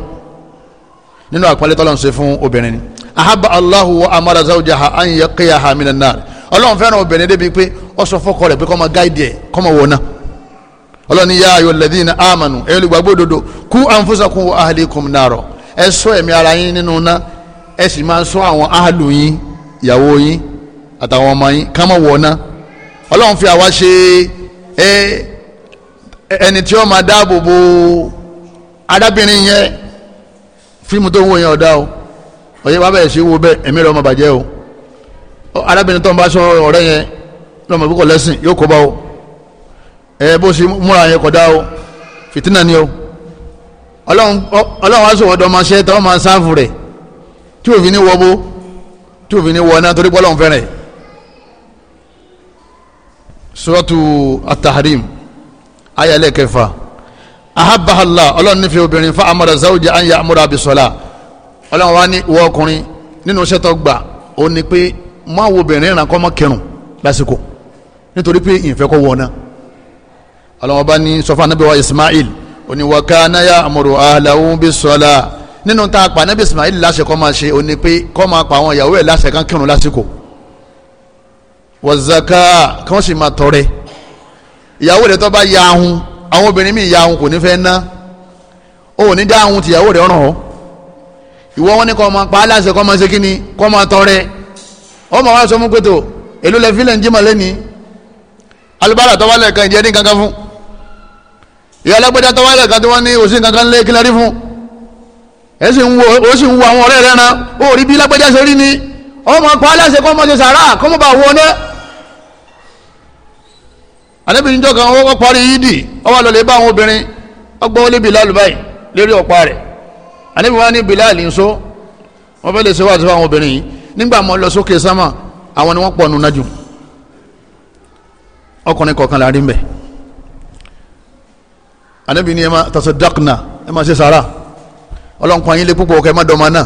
nínú àpọ́nlé tọ́lọ̀ nsọ́ fún obìnrin ni. ahaba allahu wa amara zawjaha an yaqiyaha minan nar ọlọ́run fẹ́ràn obìnrin débi pé ó sọ fọ́kọ rẹ̀ pé kó máa gáìdì ẹ̀ kó máa wọ̀ náà ọlọ́run ní yá ayọ̀ amanu ẹ̀yọ́ olùgbàgbọ́ òdodo kú anfusakum wa ahlikum naro ẹ ṣọ́ ẹ̀mí ara yín nínú ná ẹ sì máa ṣọ́ àwọn ahàlù yín ìyàwó yín àtàwọn ọmọ yín ọ̀yẹ́ wàá bẹ̀rẹ̀ sí wo bẹ́ẹ̀ ẹ̀mí rẹ̀ ọmọ bàjẹ́ o arábìnrin tó ń bá sọ ọ̀rẹ́ yẹn lọ́mọ púpọ̀ lẹ́sìn yóò kó bá o ẹ bó ṣe múra yẹn kọ̀dá o fìtínà ni o ọlọ́run wá sọ̀wọ́dọ̀ máa ṣe tọ́ máa sáfù rẹ̀ tí òfin ní wọ́ bó tí òfin ní wọ́ náà torí pọ́lọ́n fẹ́rẹ̀ suratu at-tahrim ayalẹ̀ ahabahala ọlọ́run nífẹ̀ẹ́ obìnrin fa amara zawji an ya'mura bisola ọlọ́run wa ní ìwọ ọkùnrin nínú iṣẹ́ tó gbà ó ní pé má wo obìnrin ìrànkọ́ mọ́ kẹrùn lásìkò nítorí pé ìfẹ́ kọ́ wọ̀ ọlọ́run bá ní sọfún anábì wa Ismail oníwàká náyà àmọ̀rò àhàlàwò bí sọlá nínú tá a pa anábì Ismail láṣẹ kọ́ máa ṣe ó ní pé kọ́ máa pa àwọn ìyàwó ẹ̀ láṣẹ kan kẹrùn lásìkò wọ̀zàká kí wọ́n sì máa tọrẹ ìyàwó rẹ̀ tó bá ya ahun àwọn obìnrin mi ya ahun kò ní fẹ́ ná òun ní dá ahun tìyàwó rẹ̀ ọ̀ràn ọ́ ìwọ wọn ni kọ́ ọmọ pa aláṣẹ kọ́ ọmọ ṣe kíni kọ́ ọmọ tọrẹ ọmọ wa sọ fún pẹ̀tọ̀ èló lẹ fílẹ̀ ń jí màlẹ́ ni alubára tọ́wálẹ̀ kan ìjẹ́ ní kankan fún ìyá alágbèjà tọ́wálẹ̀ kan tí wọ́n ní òsín kankan lé kílẹ̀ rí fún ẹ ń wo ó ń wo àwọn ọ̀rẹ́ rẹ̀ ran ó rí bí lágbèjà ṣe rí ni ọmọ pa aláṣẹ kọ́ ọmọ ṣe sàrà kọ́ ọmọ bá wọ ọ́nẹ́ àdébìnrin jọ kan ó parí yídì ọwọ́ lọ lè àníbi wá ni Bilal nso wọ́n fẹ́ lè ṣe wáàtí fún àwọn obìnrin yìí nígbà mọ́ lọ sókè sámà àwọn ni wọ́n pọ̀ nùnà jù ọkùnrin kọ̀ọ̀kan la rí mbẹ̀ àníbi ní ẹ tasa tasadaqna ẹ máa ṣe sàrà ọlọ́nkọ́ yín lé púpọ̀ kẹ́ ẹ má dọ́mọ náà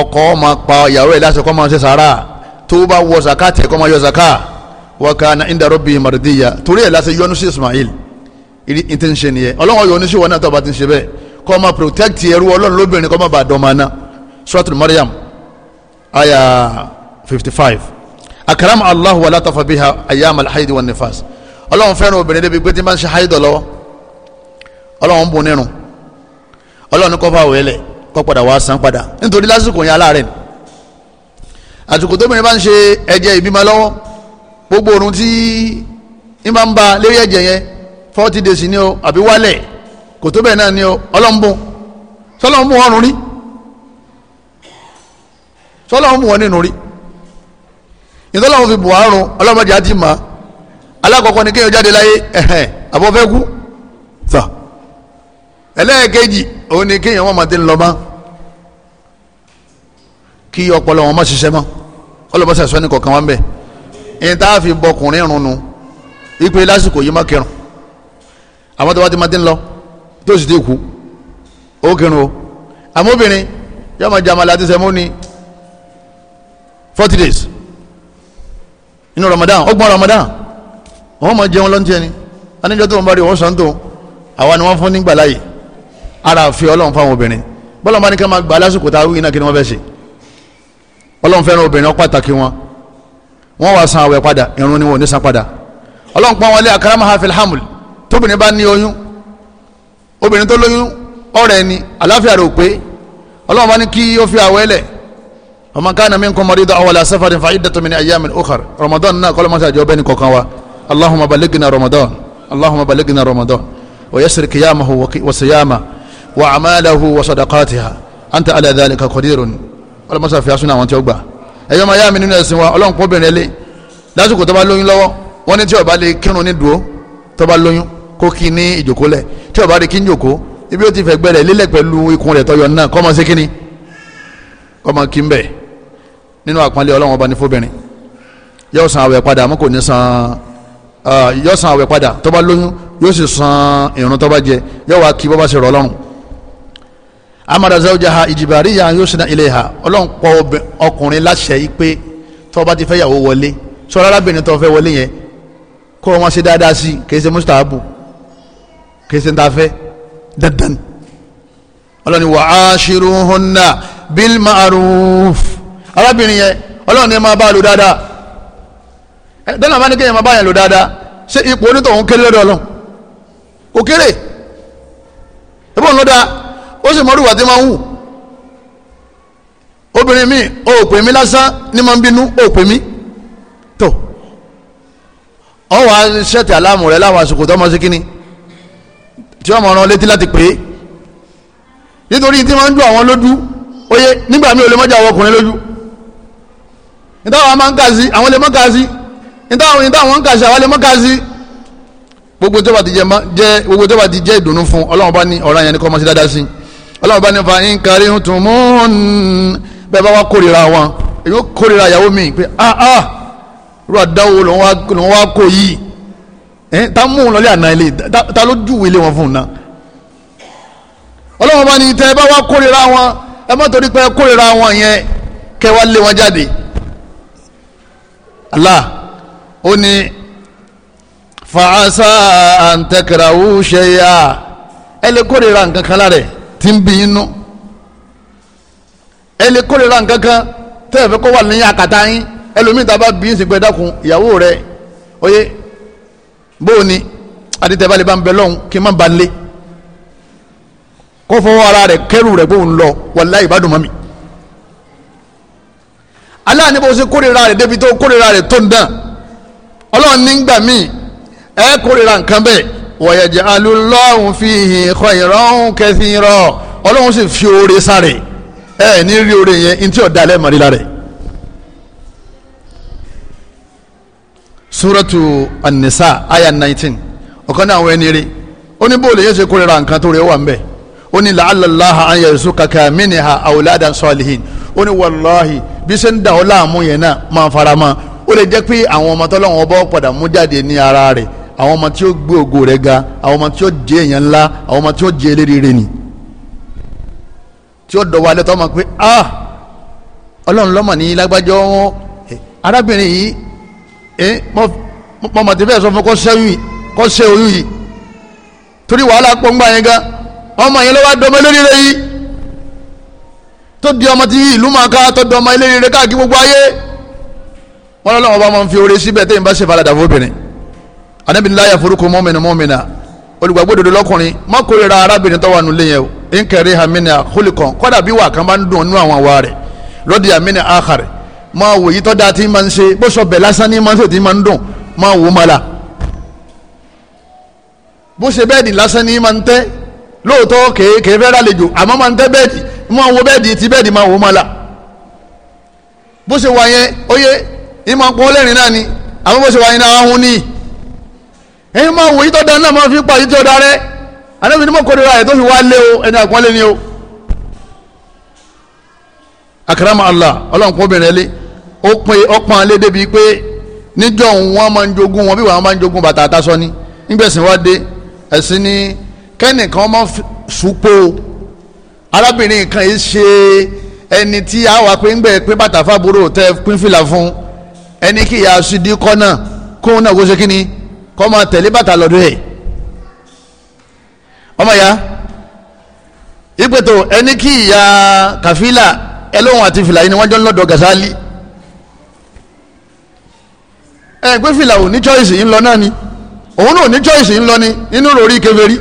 ọkọ ma pa ìyàwó ẹ̀ láti kọ́ máa ṣe sàrà tó bá wọ zaka tẹ̀ kọ́ máa yọ zaka wa kana inda rabbi mardiya torí ẹ̀ láti yọnu sí Ismail ìtí ń ṣe nìyẹn ọlọ́wọ́ yọnu sí wọn náà tó ti ń ṣe bẹ́ẹ̀ kọ́ máa protect ẹrú ọlọ́run lóbìnrin kọ́ máa bá dọ́mọ aná suratul Maryam aya fifty five akaram allah wa latafa biha ayam alhaid wa nifas ọlọ́run fẹ́ràn obìnrin débi pé tí n bá ń ṣe haidọ̀ lọ́wọ́ ọlọ́run ń bùn nírun ọlọ́run ní kọ́ fà wẹ́lẹ̀ kọ́ padà wá san padà nítorí lásìkò yẹn aláàárẹ̀ ni àsìkò tóbìnrin bá ń ṣe ẹ̀jẹ̀ ìbímọ lọ́wọ́ gbogbo oorun tí ń ń ba lérí ẹ̀jẹ̀ yẹn forty days ni o àbí wálẹ̀ kò tó bẹ́ẹ̀ náà ni ọlọ́mbùn sọlọ́mbùn ọrùn rí sọlọ́mbùn wọn nínú rí ìtọ́lọ́wọ́n fi bùhá rùn ọlọ́mọdé á ti mà á alákọ̀ọ́kọ́ ni kéèyàn jáde láyé ẹ̀hẹ̀n àbọ̀fẹ́ kú sà ẹlẹ́ẹ̀kejì òun ni kéèyàn wọn máa ti ń lọ mọ́ kí ọpọlọ wọn má ṣiṣẹ́ mọ́ ọlọ́mọṣẹ́ sọ́ni kọ̀ọ̀kan wá ń bẹ̀ ẹni tá a fi bọkùnrin rùn nù ipe lásìkò yìí má kẹrùn àwọn tó bá ti máa ti ń lọ tó sì ti kú ó kírun o àmọ́ obìnrin yóò máa jàmàlà àti sẹ́móni forty days inú Ramadan ọgbọ̀n Ramadan wọ́n máa jẹun lọ́ntì ẹni aníjọ́ tó ń bá rí wọ́n sàn tó àwa ni wọ́n fún nígbà láàyè ara fi Ọlọ́run fáwọn obìnrin bọ́lá bá ní ká máa gbà lásìkò tá a wí iná kí ni wọ́n fẹ́ ṣe Ọlọ́run fẹ́ràn obìnrin wọn pàtàkì wọn wọ́n wá san àwẹ̀ padà irun ni wọn ò ní san padà Ọlọ́run pọ́n wọlé akaramaha filhamul tóbìnrin bá ní oyún obìnrin tó lóyún ọ̀rẹ́ ni àláfíà rò pé ọlọ́run bá ní kí ó fi àwẹ̀ lẹ̀ ọmọ káàna mi ń kọ́ mọ́rí dá ọwọ́lá sáfàrin fa ìdàtọ̀ mi ní ayé àmì ọkàr ramadan náà kọ́lọ́ mọ́tà àjọyọ̀ bẹ́ẹ̀ ni kọ̀ọ̀kan wa allahumma balighna ramadan allahumma balighna ramadan wa yassir qiyamahu wa siyama wa amalahu wa sadaqatiha anta ala dhalika qadirun ọlọ́ mọ́tà fi asúnà àwọn tí ó gbà ẹ̀yọ́ máa yá kó kí ní ìjòkó lẹ̀ tí ó bá rí kí ń jòkó ibi ó ti fẹ́ gbẹ́rẹ̀ lélẹ̀ pẹ̀lú ikùn rẹ̀ tọyọ náà kọ́ mọ sí kíni kọ́ mọ kí ń bẹ̀ nínú àpọ́nlé ọlọ́wọ́n ọba ní fóbìnrin yóò san àwẹ̀ padà mọ́ kò ní san yóò san àwẹ̀ padà tó bá lóyún yóò sì san ìrun tó jẹ yóò wá kí bó bá ṣe rọ̀ ọlọ́run amada zawjaha ijibariya yusna ilayha ọlọ́run pọ̀ ọkùnrin láṣẹ yìí pé ti fẹ́ yàwó wọlé sọ kì í ṣe ń ta fẹ́ dandan ọlọ́ni wa ashiruhunna bil ma'ruf arábìnrin yẹn ọlọ́ni máa bá lò dáadáa dáná máa ní kéèyàn máa bá yẹn lò dáadáa ṣé ipò onítọ̀hún kéré lọ́dọ̀ ọlọ́run kò kéré ìbò ń lọ dáa ó sì mọ́rùwà tí máa ń wù obìnrin mi ò pè mí lásán ní máa ń bínú ò pè tó ọ wàá ṣẹ̀tì aláàmù rẹ láwọn àsìkò tó ọmọ sí kínní tí wọ́n mọ̀ ọ́n létí láti pè é nítorí tí wọ́n ń ju àwọn lójú oyè nígbà míì olè mọ́jà àwọn ọkùnrin lójú nítawọn máa ń kà sí àwọn lè mọ́ kà sí nítawọn nítawọn ń kà sí àwọn lè mọ́ kà sí gbogbo tó bá ti jẹ gbogbo tó bá ti jẹ ìdùnnú fún ọlọ́run bá ní ọ̀rọ̀ yẹn ni kọ́ ọmọ sí dáadáa sí ọlọ́run bá ní fa ń tún mú un bẹ́ẹ̀ bá wá kórìíra wọn èyí ó kórìíra ìyàwó mi pé ah ah rú àdáwò lòun wá tá mú un lọlé àná ilé ta ló júwèé ilé wọn fún un náà ọlọ́wọ́n bá ní tẹ́ ẹ bá wá kórìíra wọn ẹ má torí pé ẹ kórìíra wọn yẹn kẹ wá lé wọn jáde Allah ó ní fàásà àǹtẹkẹràwù ṣẹyà ẹ lè kórìíra nǹkan kan lára ẹ tí ń bí inú ẹ lè kórìíra nǹkan kan ẹ fẹ́ kó wà ní akàtà yín ẹlòmíì tá a bá bí ń sìnkú ẹ dákun ìyàwó rẹ oyè bó o ni aditẹ́balẹ̀ bá ń bẹ lọ́hùn kí n má ba nílé kó fọwọ́ ara rẹ̀ kẹ́rù rẹ̀ bó ń lọ wàláhì ìbádùn mọ́ mi. aláàánú bó ṣe kórìíra rẹ̀ débi tó kórìíra rẹ̀ tó ń dàn ọlọ́run nígbà míì ẹ kórìíra nǹkan bẹ́ẹ̀ wọ̀yẹ̀jẹ̀ alúlọ́hùn fi hìn kọ ìrọ̀hún kẹsìn ọlọ́run sì fi oore sáré ẹ ní rí oore yẹn ntí ọ̀dà alẹ́ lára rẹ̀ suratu anisa aya nineteen ọ̀kan náà àwọn ẹni ó ní bóòlù yẹn ṣe kórira nǹkan tó rẹ̀ wà ń ó ní la'allalaha an yarzuqaka minha awladan salihin ó ní wàláhi bí ṣe ń dà ọ́ láàmú yẹn náà máa fara mọ́ ó lè jẹ́ pé àwọn ọmọ tọ́lọ́wọ́n ọba padà mú jáde ní ara rẹ̀ àwọn ọmọ tí ó gbé ògo rẹ̀ ga àwọn ọmọ tí ó jẹ́ èèyàn ńlá àwọn ọmọ tí ó jẹ́ elérére ni tí ó dọ̀wọ́ alẹ́ tó mọ̀ pé ah ọlọ́run lọ́mọ ní lágbájọ́ arábìnrin yìí ẹ eh, mọ̀mọ̀tì bẹ́ẹ̀ sọ fún kọ́ ṣe oyún yìí torí wàhálà pọ̀ngbà yẹn gan ọmọ yẹn ló wá dọmọ eléré yìí tó di ọmọ tí ìlú máa ká tó dọmọ eléré káàkiri gbogbo ayé wọn lọ́wọ́ bá máa ń fi oore síbẹ̀ tẹ́yìn bá ṣe falada fóbìnrin anabi ńlá yà forúkọ mọ́mìnà mọ́mìnà olùgbàgbọ́ òdodo lọ́kùnrin má kórìíra arábìnrin tó wà nílé o nkẹrẹ hamina holikon kọ́dà bí wà kán bá ń dùn nínú àwọn àwa rẹ̀ lọ́dí hamina ahar máa wò yìí tọ́ da tí máa ń ṣe bó sọ bẹ̀ lásán ní máa ń fètí máa ń dùn máa wò ó máa la bó ṣe bẹ́ẹ̀dì lásán ní máa ń tẹ́ lóòótọ́ kèékèé fẹ́ rálejò àmọ́ máa ń tẹ́ bẹ́ẹ̀dì máa wo bẹ́ẹ̀dì tí bẹ́ẹ̀dì máa wò ó bó ṣe wà yẹn ó yẹ ìmọ̀ pọ́n lẹ́rìn náà ni àmọ́ bó ṣe wà yẹn náà ahun ni ẹ̀yin máa wò yìí tọ́ da náà máa fi pa yìí tí ó da rẹ́ Allah ọlọ́run kún ó pin ọpọ́n alẹ́ débi pé níjọ́ wọn máa ń jogún wọn bí wọn máa ń jogún bàtà àtàsọ ni nígbẹ̀sìn wá dé ẹ̀sìn ni kẹ́nìkan máa sùpò arábìnrin kan yìí ṣe ẹni tí a wà pé ń pé bàtà fàbúrò tẹ pín fìlà fún ẹni kí ìyá aṣídì kọ́ kóun náà kó ṣe kí ni kọ́ máa tẹ̀lé bàtà lọ́dọ̀ ẹ̀ ọmọ ya ìpètò ẹni kí ìyá kàfílà ẹlòhùn àti fìlà yìí ni wọ́n jọ ń lọ́dọ̀ Gàzálì ẹ pé fìlà ò ní choice yìí ń lọ náà ni òun náà ní choice ń lọ ni nínú rori kèfèrí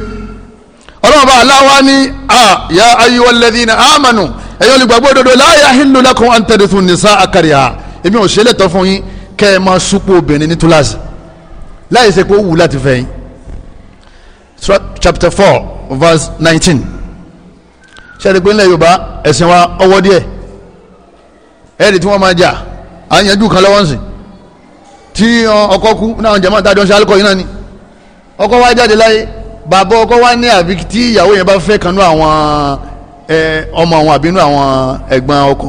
ọlọ́run bá aláwa ní a ya ayyuhal ladhina amanu ẹ̀yọ́ olùgbàgbọ́ òdodo la yahillu lakum an tarithu nisaa kariha èmi ò ṣẹlẹ̀ tọ́ fún yín kẹ́ ẹ máa súpọ̀ obìnrin ní túláàsì láì ṣe pé wù láti fẹ́ yín chapter four verse nineteen ṣẹ́ni pé ńlẹ̀ yorùbá ẹ̀sìn wa ọwọ́ díẹ̀ ẹ̀ẹ́dì tí wọ́n máa jà à kan lọ́wọ́ ń tí ọkọ kú náà jẹ́ máa dájọ́ ṣe alukọ yìí náà ni ọkọ wa jáde láyé bàbá ọkọ wa ní àbí tí ìyàwó yẹn bá fẹ́ kanú àwọn ọmọ àwọn àbínú àwọn ẹ̀gbọ́n ọkọ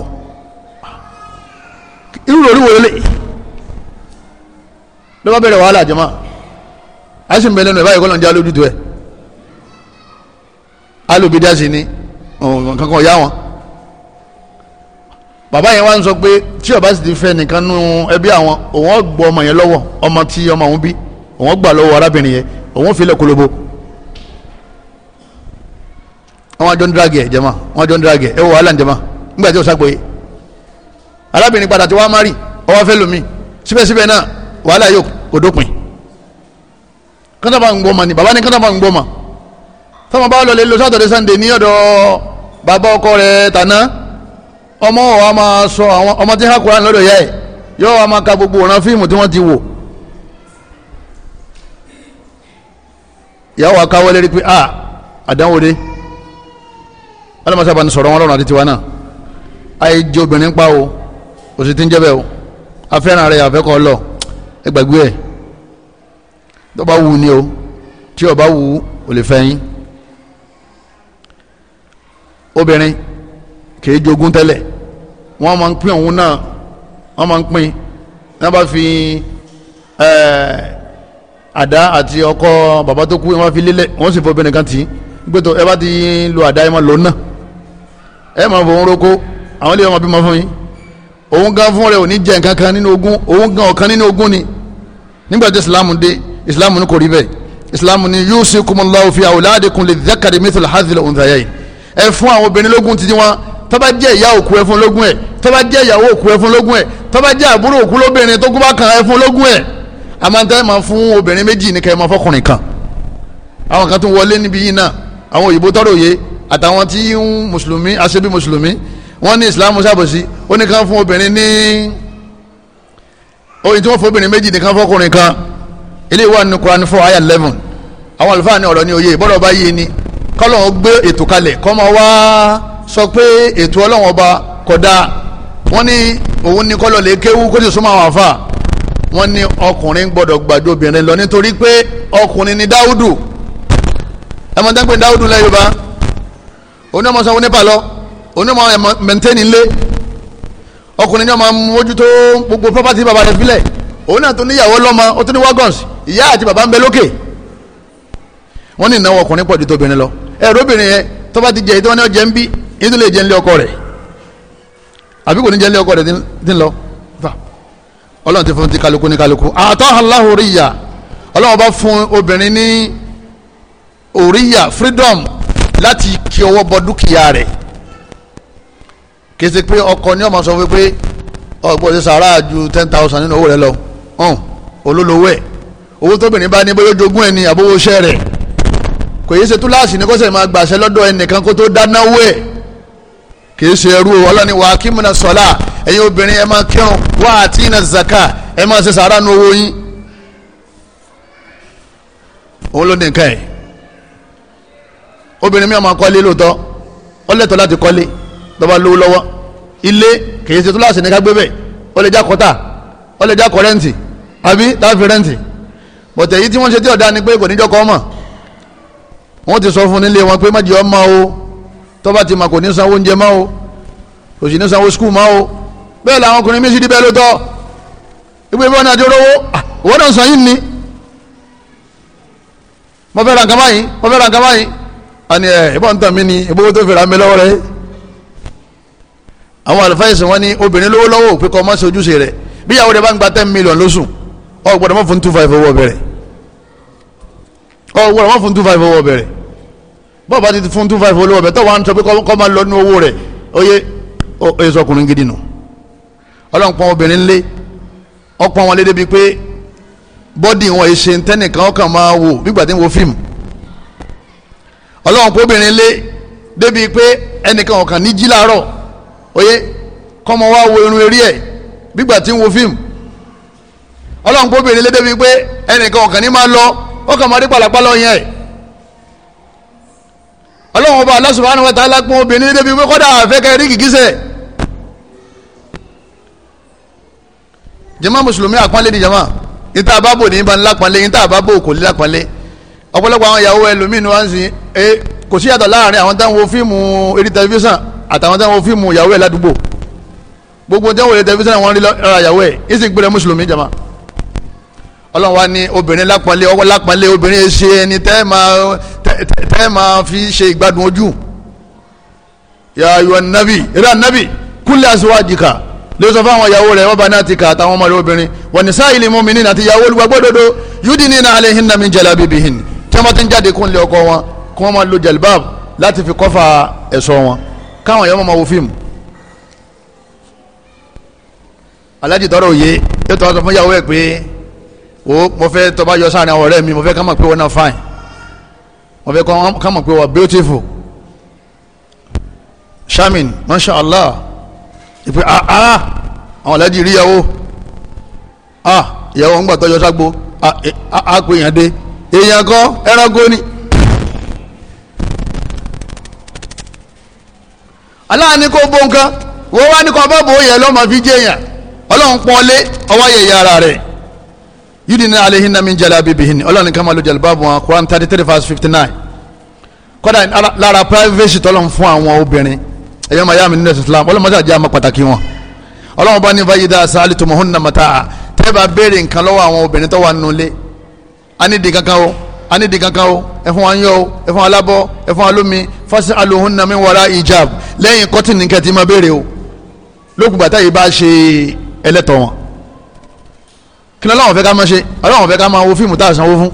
irú lórí wo lè ló bá bẹ̀rẹ̀ wàhálà jẹ́ máa a sì lẹ́nu ẹ̀ báyìí kọ́ ló jẹ́ alójútu ẹ̀ alóbi dá sí kankan ọ̀yá wọn bàbá yẹn wá ń sọ pé tí ó bá sì ti fẹ́ nìkan nú ẹbí àwọn òun gbọ́ ọmọ yẹn lọ́wọ́ ọmọ tí ọmọ òun bí òun gbà lọ́wọ́ arábìnrin yẹn òun filẹ̀ kolobo wọn àjọ ń díragì ẹ jẹma wọn àjọ ń díragì ẹ wọ wàhálà ń jẹma nígbà tí ó sàgbọ́ yìí arábìnrin padà tí wàá má rí ọwọ́ fẹ́ lómi náà wàhálà yóò kò dópin kọ́ńtàbà ń gbọ́mọ ni bàbá ní kọ́ńtàbà ń gbọ́mọ tọ́mọ bá lọ lè lo ní ọ̀dọ̀ bàbá ọkọ rẹ̀ tàná ọmọ wa máa sọ àwọn ọmọ tí ń lọ́dọ̀ yá ẹ̀ yóò wa máa ka gbogbo ọ̀ràn fíìmù tí wọ́n ti wò ya akáwọ́ lérí pé a ah, àdánwò dé alámọ̀sá bá ní sọ̀rọ̀ wọn lọ́rùn àti tiwa náà ayé jẹ́ obìnrin pa o òsì tí ń o afẹ́ràn lọ ẹ gbàgbé o tí ọba wù ò lè fẹ́ yín kìí jogún tẹ́lẹ̀ wọ́n máa ń pín òun náà wọ́n máa ń pín wọ́n bá fi àdá àti ọkọ bàbá tó kú wọ́n fi lélẹ̀ wọ́n sì fọ obìnrin kan tì í gbẹ́tọ̀ ẹ bá ti lo àdá ẹ máa lò náà ẹ máa fọ roko àwọn ilé ọmọ bímọ fún yín òun gan fún rẹ ò ní jẹ nǹkan kan nínú ogún òun gan ọ̀kan nínú ogún ni nígbà tí Islam dé Islam ní kò rí bẹ́ẹ̀ Islam ní yusikumullahu fi awladikum lidhakari mithla hadhil unthayyin ẹ fún àwọn obìnrin lógún títí wọn tó bá jẹ́ ìyá òkú ẹ fún lógún ẹ̀ tó bá jẹ́ ìyàwó òkú ẹ fún lógún ẹ̀ tó bá jẹ́ àbúrò òkú lóbìnrin tó kú bá kàn ẹ fún lógún ẹ̀ amantẹ máa fún obìnrin méjì ní kẹrìmọ́ fọkùnrin kan àwọn kan tó wọlé níbí yìí náà àwọn òyìnbó tọ́rọ̀ òye àtàwọn tí ń mùsùlùmí aṣebí mùsùlùmí wọ́n ní ìsìlámù ṣàbòsí ó ní kán fún obìnrin ní oyin tí wọ́n fún obìnrin méjì ní kán fọkùnrin kan ilé wa ní Quran four ayah eleven àwọn àlùfáà ní ọ̀rọ̀ ní òye ìbọ̀rọ̀ bá yé ni kọ́lọ́ gbé ètò kalẹ̀ kọ́ máa sọ pé ètò ọlọ́wọ́n ọba kódà wọ́n ní òun ní kọ́lọ̀ lè kéwú kó sì súnmọ́ àwọn àfà wọ́n ní ọkùnrin gbọ́dọ̀ gbàdú obìnrin lọ nítorí pé ọkùnrin ni dáúdù ẹ mọ̀ dáńpé dáúdù lẹ́yìn ọba òun ní ọmọ sanwó nípa lọ òun ní ọmọ mẹ́ntẹ́nì lé ọkùnrin ní ọmọ mójútó gbogbo pọ́pátì bàbá rẹ̀ fílẹ̀ òun náà tún níyàwó lọ́mọ ó tún ní wagons ìyá àti bàbá ń bẹ lókè wọ́n ní ìnáwó ọkùnrin pọ̀ ju tóbìnrin lọ ẹ̀rọ obìnrin yẹn tó bá ti jẹ ìtọ́wọ́n ní ọjẹ́ ń bí kí tó lè jẹ́ nílé ọkọ rẹ̀ àbí kò ní jẹ́ nílé ọkọ rẹ̀ tí ń lọ ọlọ́run ti fún ti kálukú ní kálukú àtọ́ aláhùn oríyà ọlọ́run bá fún obìnrin ní oríyà freedom láti kí ọwọ́ bọ dúkìá rẹ̀ kì í ṣe pé ọkọ ní ọmọ sọ fún pé ọgbọ́n ṣe sàárà ju ten thousand nínú owó rẹ lọ ọ̀hún olólùwẹ̀ ẹ̀ owó tóbìnrin bá ní bóyá ojogún ẹ̀ ní àbówóṣẹ́ rẹ̀ kò yí ṣe túláàsì ní kọ́sẹ̀ máa gbàṣẹ́ lọ́dọ̀ ẹnìkan kó tó dánáwó ẹ̀ kìí ṣe ẹrú ọlọ́ni wa akimuna sọlá ẹ̀yin obìnrin ẹ̀ máa kírun wá àti iná zaka ẹ̀ máa ṣe sàrà nu owó yín òun ló ní nǹkan ẹ̀ obìnrin mi máa kọ́lé lóòótọ́ ó lẹ́tọ̀ọ́ láti kọ́lé lọ́ba lówó lọ́wọ́ ilé kìí ṣe tó láti ní ká gbé bẹ́ẹ̀ ó lè já kọ́tà ó lè já àbí táfi rẹ́ǹtì bọ̀tẹ̀ yìí tí wọ́n ṣe tí ọ̀dà ni pé kò níjọ́ kọ́ mọ̀ wọ́n ti sọ fún nílé wọn pé má jẹ́ ọmọ tọ́ba ti ma kò ní sanwó oúnjẹ máa o kò sì ní sanwó skul máa o bẹ́ẹ̀ làwọn ọkùnrin mi sì di bẹ́ẹ̀ ló tọ́ ibi ìbọn náà ti rówó owó náà sàn yín ni mo fẹ́ ra nǹkan báyìí mo fẹ́ ra nǹkan báyìí àni ẹ̀ ìbọn ń tàn mí ni ìbówó tó fèrè àmì lọ́wọ́ rẹ̀ àwọn àlùfáà ìsìn wọn ni obìnrin lówó lọ́wọ́ òpin kọ́ ọmọ sí ojúṣe rẹ̀ bí ìyàwó rẹ̀ bá ń gba ten million lóṣù ọ̀ gbọ́dọ̀ mọ́ fún two five owó ọbẹ̀ rẹ̀ ọ̀ gbọ́dọ̀ mọ́ fún two five owó ọbẹ̀ rẹ̀ bọ́ọ̀ bá ti fún two five olówó bẹ́ẹ̀ tó wàá ń sọ pé kọ́ máa lọ ní owó rẹ̀ oyè oyè sọkùnrin gidi nù ọlọ́run pọ́n obìnrin lé ọpọ́n wọn lé débi pé bọ́dì wọn èsè ntẹ́nìkan ọkàn máa wò gbígbà tí ń wo fíìmù ọlọ́run pọ́n obìnrin lé débi pé ẹnìkan ọ̀kan ní jí láàárọ̀ oyè kọ́mọ wa wo irun eré ẹ̀ gbígbà tí ń wo fíìmù ọlọ́run pọ́n obìnrin lé débi pé ẹnìkan ọ̀kan ní máa lọ ọkàn máa dé pàlàpàlà yẹn ẹ̀ ọlọ́run ọba Allah subhanahu wa ta'ala pọ́n obìnrin débi pé kọ́dà àfẹ́kẹ́ rí kìkísẹ̀ jama mùsùlùmí àpọ́nlé ni jama níta àbábò ní ìbá ńlá pọ́nlé níta àbábò kò lílá pọ́nlé ọ̀pọ̀lọpọ̀ àwọn ìyàwó ẹlòmínú wá ń sìn ẹ kò sí yàtọ̀ láàrin àwọn táwọn wo fíìmù eré tẹlifíṣàn àtàwọn táwọn wo fíìmù ìyàwó ẹ ládùúgbò gbogbo táwọn eré tẹlifíṣàn wọn rí ara ìyàwó ẹ tẹ́ máa fi ṣe ìgbádùn ojú ya ayọ̀ nabi eré nabi kúlẹ̀ aṣọ́wájìká ló sọ fáwọn ìyàwó rẹ̀ wọ́n bá náà ti kà àtàwọn ọmọ rẹ̀ obìnrin wọ́n ní sáà ìlú mọ́mí nínú àti ìyàwó olùgbàgbọ́ dodo yúdi nínú alẹ́ hinna mi jẹ̀lá bíbí hin tí wọ́n ti ń jáde kún lé ọkọ wọn kí wọ́n máa lo jẹ̀lbáb láti fi kọ́fà ẹ̀ṣọ́ wọn káwọn ìyàwó máa wo fíìmù. alájì tọrọ òye yóò tọ́ sọ fún ìyàwó ẹ̀ pé o mo fẹ́ tọ́ bá yọ sáà ní àwọn ọ̀rẹ́ mi mo fẹ́ ká pé wọ́n náà fáìn wọ́n fẹ́ kọ́ ká mọ̀ pé wọ́n beautiful shamin masha allah ìpè ah, ah àwọn ọ̀lẹ́jì rí ìyàwó à ah, ìyàwó ń gbà tọ́jọ́ ságbó ah, eh, ah, pé èèyàn dé èèyàn kọ́ ẹranko ni. aláàánú kò bó nǹkan wọ́n wá ní kọ́ bá bò ó yẹn lọ́ọ́ máa fi jẹ́ èèyàn ọlọ́run pọ́n ọwọ́ yẹ̀yẹ́ ara rẹ̀ yudina alehinna min jalabibihin ọlọ́run kan máa lo jalibabu wọn Quran thirty three verse fifty nine kọ́dà lára privacy tọ́lọ̀ ń fún àwọn obìnrin ẹ̀yọ́ màá yá mi nílẹ̀ Islam ọlọ́run mọ́tà jẹ́ àmọ́ pàtàkì wọn ọlọ́run bá ní báyìí dá sáálì tó mọ̀hún nàmọ́tà tẹ́ bá béèrè nǹkan lọ́wọ́ àwọn obìnrin tó wà nínú ilé anídìí kankan o anídìí kankan o ẹ fún yọ o ẹ fún wa lábọ́ ẹ fún wa lómi fásitì alohun nami wàrà ìjàb lẹ́yìn kọ́tìnì kẹ́tì máa béèrè o lókùnbàtà yìí bá ṣe ẹlẹ́tọ̀ wọn kí ló láwọn fẹ́ ká máa ṣe ọlọ́wọ́n fẹ́ ká máa wo fíìmù tá a sanwó fún.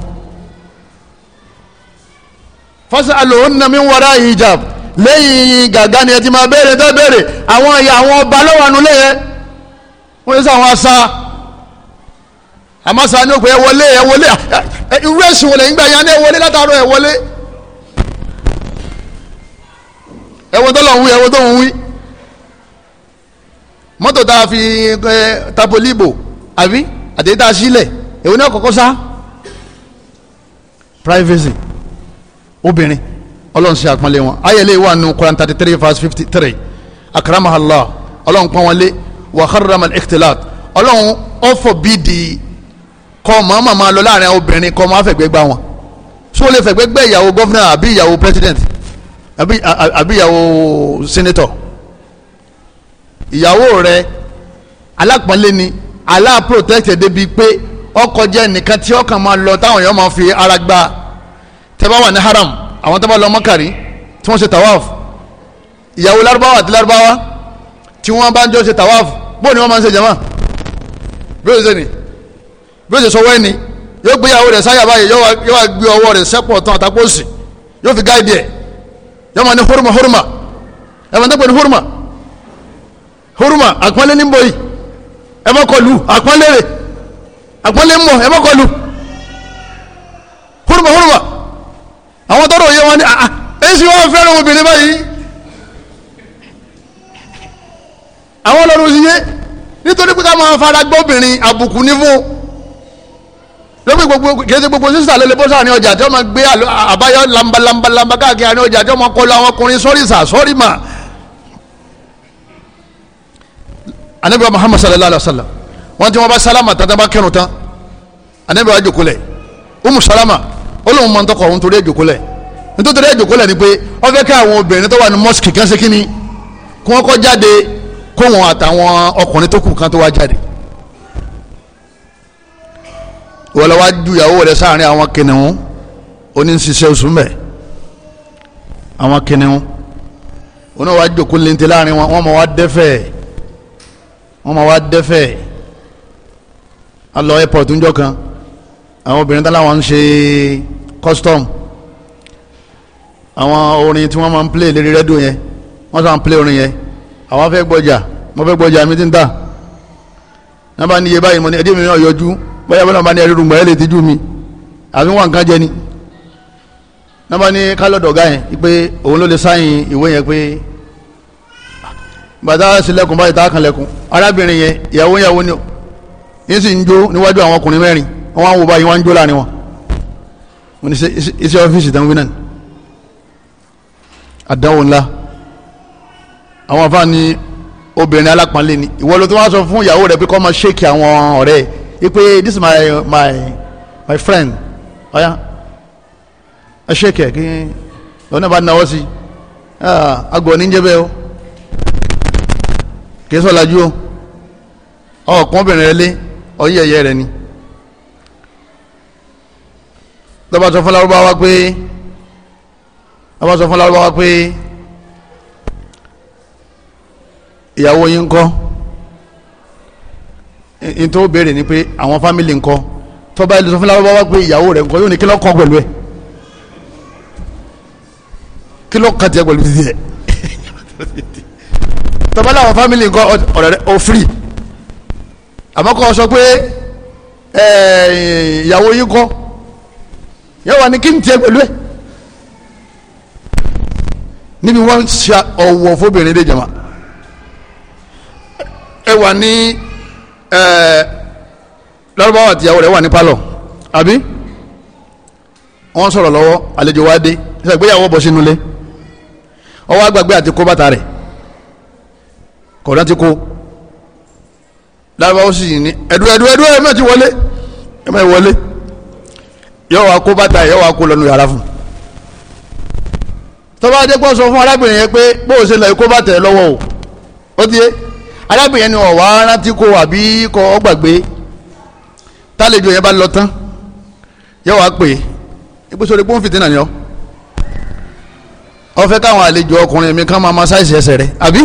fas'aluhunna min wara'i hijab lẹ́yìn gàgá ni ẹ ti máa béèrè tẹ́ béèrè àwọn ìyá àwọn ọba lọ́wọ́ àánú lẹ́yẹ wọ́n yẹ sọ àwọn asa àmọ́ sa ni ó pé ẹ wọlé ẹ wọlé irú ẹ̀sìn wọlé ń gbà yẹn ẹ wọlé látàárọ̀ ẹ wọlé ẹ wo tó lọ ń wí ẹ wo tó ń wí mọ́tò tá a fi tapolibo àbí àtẹ̀yìntà sílẹ̀ èwo ní ọ̀kọ̀ọ̀kọ̀ sá privacy obìnrin ọlọ́run ṣe àpọ́nlé wọn ayẹlẹ́ wà nù Quran thirty three verse fifty three akramahallah ọlọ́run pọ́n wọn lé wa harrama al-ikhtilat ọlọ́run ọ̀fọ̀ bíi di kọ́ màmá máa lọ láàrin obìnrin kọ́ máa fẹ̀gbẹ́ gbá wọn tí wọ́n lè fẹ̀gbẹ́ gbẹ́ ìyàwó gọ́fúnà àbí ìyàwó president àbí ìyàwó senator ìyàwó rẹ alápọ̀nlé ni Allah protected débi pé ọkọ̀ jẹ́ nìkan tí ọkàn máa lọ táwọn èèyàn máa fi ara gba tẹ́bá wà ní haram àwọn tẹ́bá lọ mọ́kàrí tí wọ́n ṣe tawaf ìyàwó larubawa àti larubawa tí wọ́n bá ń jọ ṣe tawaf bó ni wọ́n máa ń ṣe jama bí ó ṣe ni bí ó ṣe sọ wẹ́ni yóò gbé ìyàwó rẹ̀ sáyà báyìí yóò wá gbé ọwọ́ rẹ̀ sẹ́pọ̀ tán àtàkóòsì yóò fi gáìdì ẹ̀ yóò máa ní huruma huruma ẹ̀fọn tó pè ní huruma huruma àpọ́nlé ní mbọ̀yìí ẹ má kọlù àpọ́nlére àpọ́nlé mọ̀ ẹ má kọlù huruma huruma àwọn tọrọ yẹ wọn ni àà ah, èsì ah, wọn fẹ́ràn obìnrin báyìí àwọn ọlọ́run sì yé nítorí pé táwọn afárá gbọ́ obìnrin àbùkù ní fún lóbi gbogbo kìí ṣe gbogbo sísà lè bọ́ sáà ní ọjà tí wọ́n máa gbé àbáyọ lambalamba káàkiri àní ọjà tí wọ́n máa kọlu àwọn ọkùnrin sọ́rí sà sọ́rí mà anabi muhammad sallallahu alaihi wa sallam wọn ti wọn bá salama tata bá kẹrun tán anabi wa jòkó lẹ umu salama olóhùn máa ń tọkọ òun torí ẹ jòkó lẹ nítorí ẹ jòkó lẹ ni pé ó fẹ́ kí àwọn obìnrin tó wà ní mọ́sìkì kan ṣe kí ni kí wọ́n kọ́ jáde kó wọn àtàwọn ọkùnrin tó kù kan tó wá jáde wọ́n ìyàwó rẹ̀ sáàrin àwọn kìnìún oníṣiṣẹ́ oṣù mẹ́ àwọn kìnìún oníwàá jòkó lẹ́ńtẹ́ láàrin wọn wọ́n mọ̀ wá dẹ́fẹ̀ẹ́ wọ́n máa wá dẹ́fẹ̀ alọ airport ńjọ́ kan àwọn obìnrin tá láwọn ń ṣe custom àwọn orin tí wọ́n máa ń play lérí rédíò yẹn wọ́n sàn ń play orin yẹn àwọn fẹ́ gbọ́jà mo fẹ́ gbọ́jà mi ti ń tà náà bá ní iye báyìí mo ní ẹdí mi náà yọjú bóyá bọ́lá bá ní ẹrú rúgbọ̀n ẹ lè tijú mi àfi wọn nǹkan jẹ ni náà bá ní kálọ̀dọ̀gá yẹn pé òun ló lè sáyìn ìwé yẹn pé bàtà sílẹ̀kùn báyìí tá a kan lẹ̀kùn arábìnrin yẹn ìyàwó ìyàwó ni yín sì ń jó níwájú àwọn ọkùnrin mẹ́rin wọ́n wá ń wo báyìí wọ́n ń jó láàrin wọn wọ́n ní iṣẹ́ ọ́fíìsì tán wínà àdáwò ńlá àwọn afá ni obìnrin alápọ̀nlé ni ìwọ ló ti wá sọ fún ìyàwó rẹ pé kó máa ṣèkì àwọn ọ̀rẹ́ ẹ pé this is my my my friend ọ̀ya ẹ ṣèkì ẹ kí lọ́nà bá náwó sí ah, àgọ́ níjẹ́ bẹ́ẹ̀ o kìí sọ́lájú o ọkùnrin rẹ lé ọyí ẹ̀yẹ rẹ ni tọ́ba sọ fún lárúbáwá pé tọ́ba sọ fún lárúbáwá pé ìyàwó yín kọ́ n tó béèrè ni pé àwọn fámìlì ń kọ́ tọ́ba ilé sọ fún lárúbáwá pé ìyàwó rẹ̀ ń kọ́ yóò ní kí lọ́kàn pẹ̀lú ẹ̀ kí lọ́kàn tiẹ̀ pẹ̀lú títí ẹ̀. tọ́ba làwọn fámìlì nǹkan ọ̀rẹ́ rẹ̀ ò free àmọ́ kọ́ ọ sọ pé ìyàwó yín kọ́ yẹ wà ní kí n tiẹ̀ pẹ̀lú ẹ̀ níbi wọ́n ṣe ọ̀wọ̀ fóbìnrin dé jama ẹ wà ní lọ́rọ́báwá àtìyàwó rẹ̀ wà ní pálọ̀ àbí wọ́n sọ̀rọ̀ lọ́wọ́ àlejò wa dé ṣàgbéyàwó bọ̀ sínú ilé ọwọ́ àgbàgbé àti kó rẹ̀ kọ̀ọ̀dá ti kó lárúbáwá sì ní ẹ̀dú ẹ̀dú ẹ̀dú ẹ̀ mẹ́ẹ̀ ti wọlé ẹ̀ mẹ́ẹ̀ wọlé yọ wá kó bàtà yọ wá kó lọ́nu yàrá fún tọ́ba adékọ́ sọ fún arábìnrin yẹn pé bó o ṣe lọ kó bàtà ẹ lọ́wọ́ o ó ti yé arábìnrin yẹn ni ọ̀wá rántí kó àbí kọ́ ọ gbàgbé tálejò yẹn bá lọ tán yọ wá pè é ipò sórí pọ́ńfì tí nàní ọ ọ fẹ́ káwọn àlejò ọkùnrin mi kàn máa ma ṣáìsì ẹsẹ̀ rẹ àbí.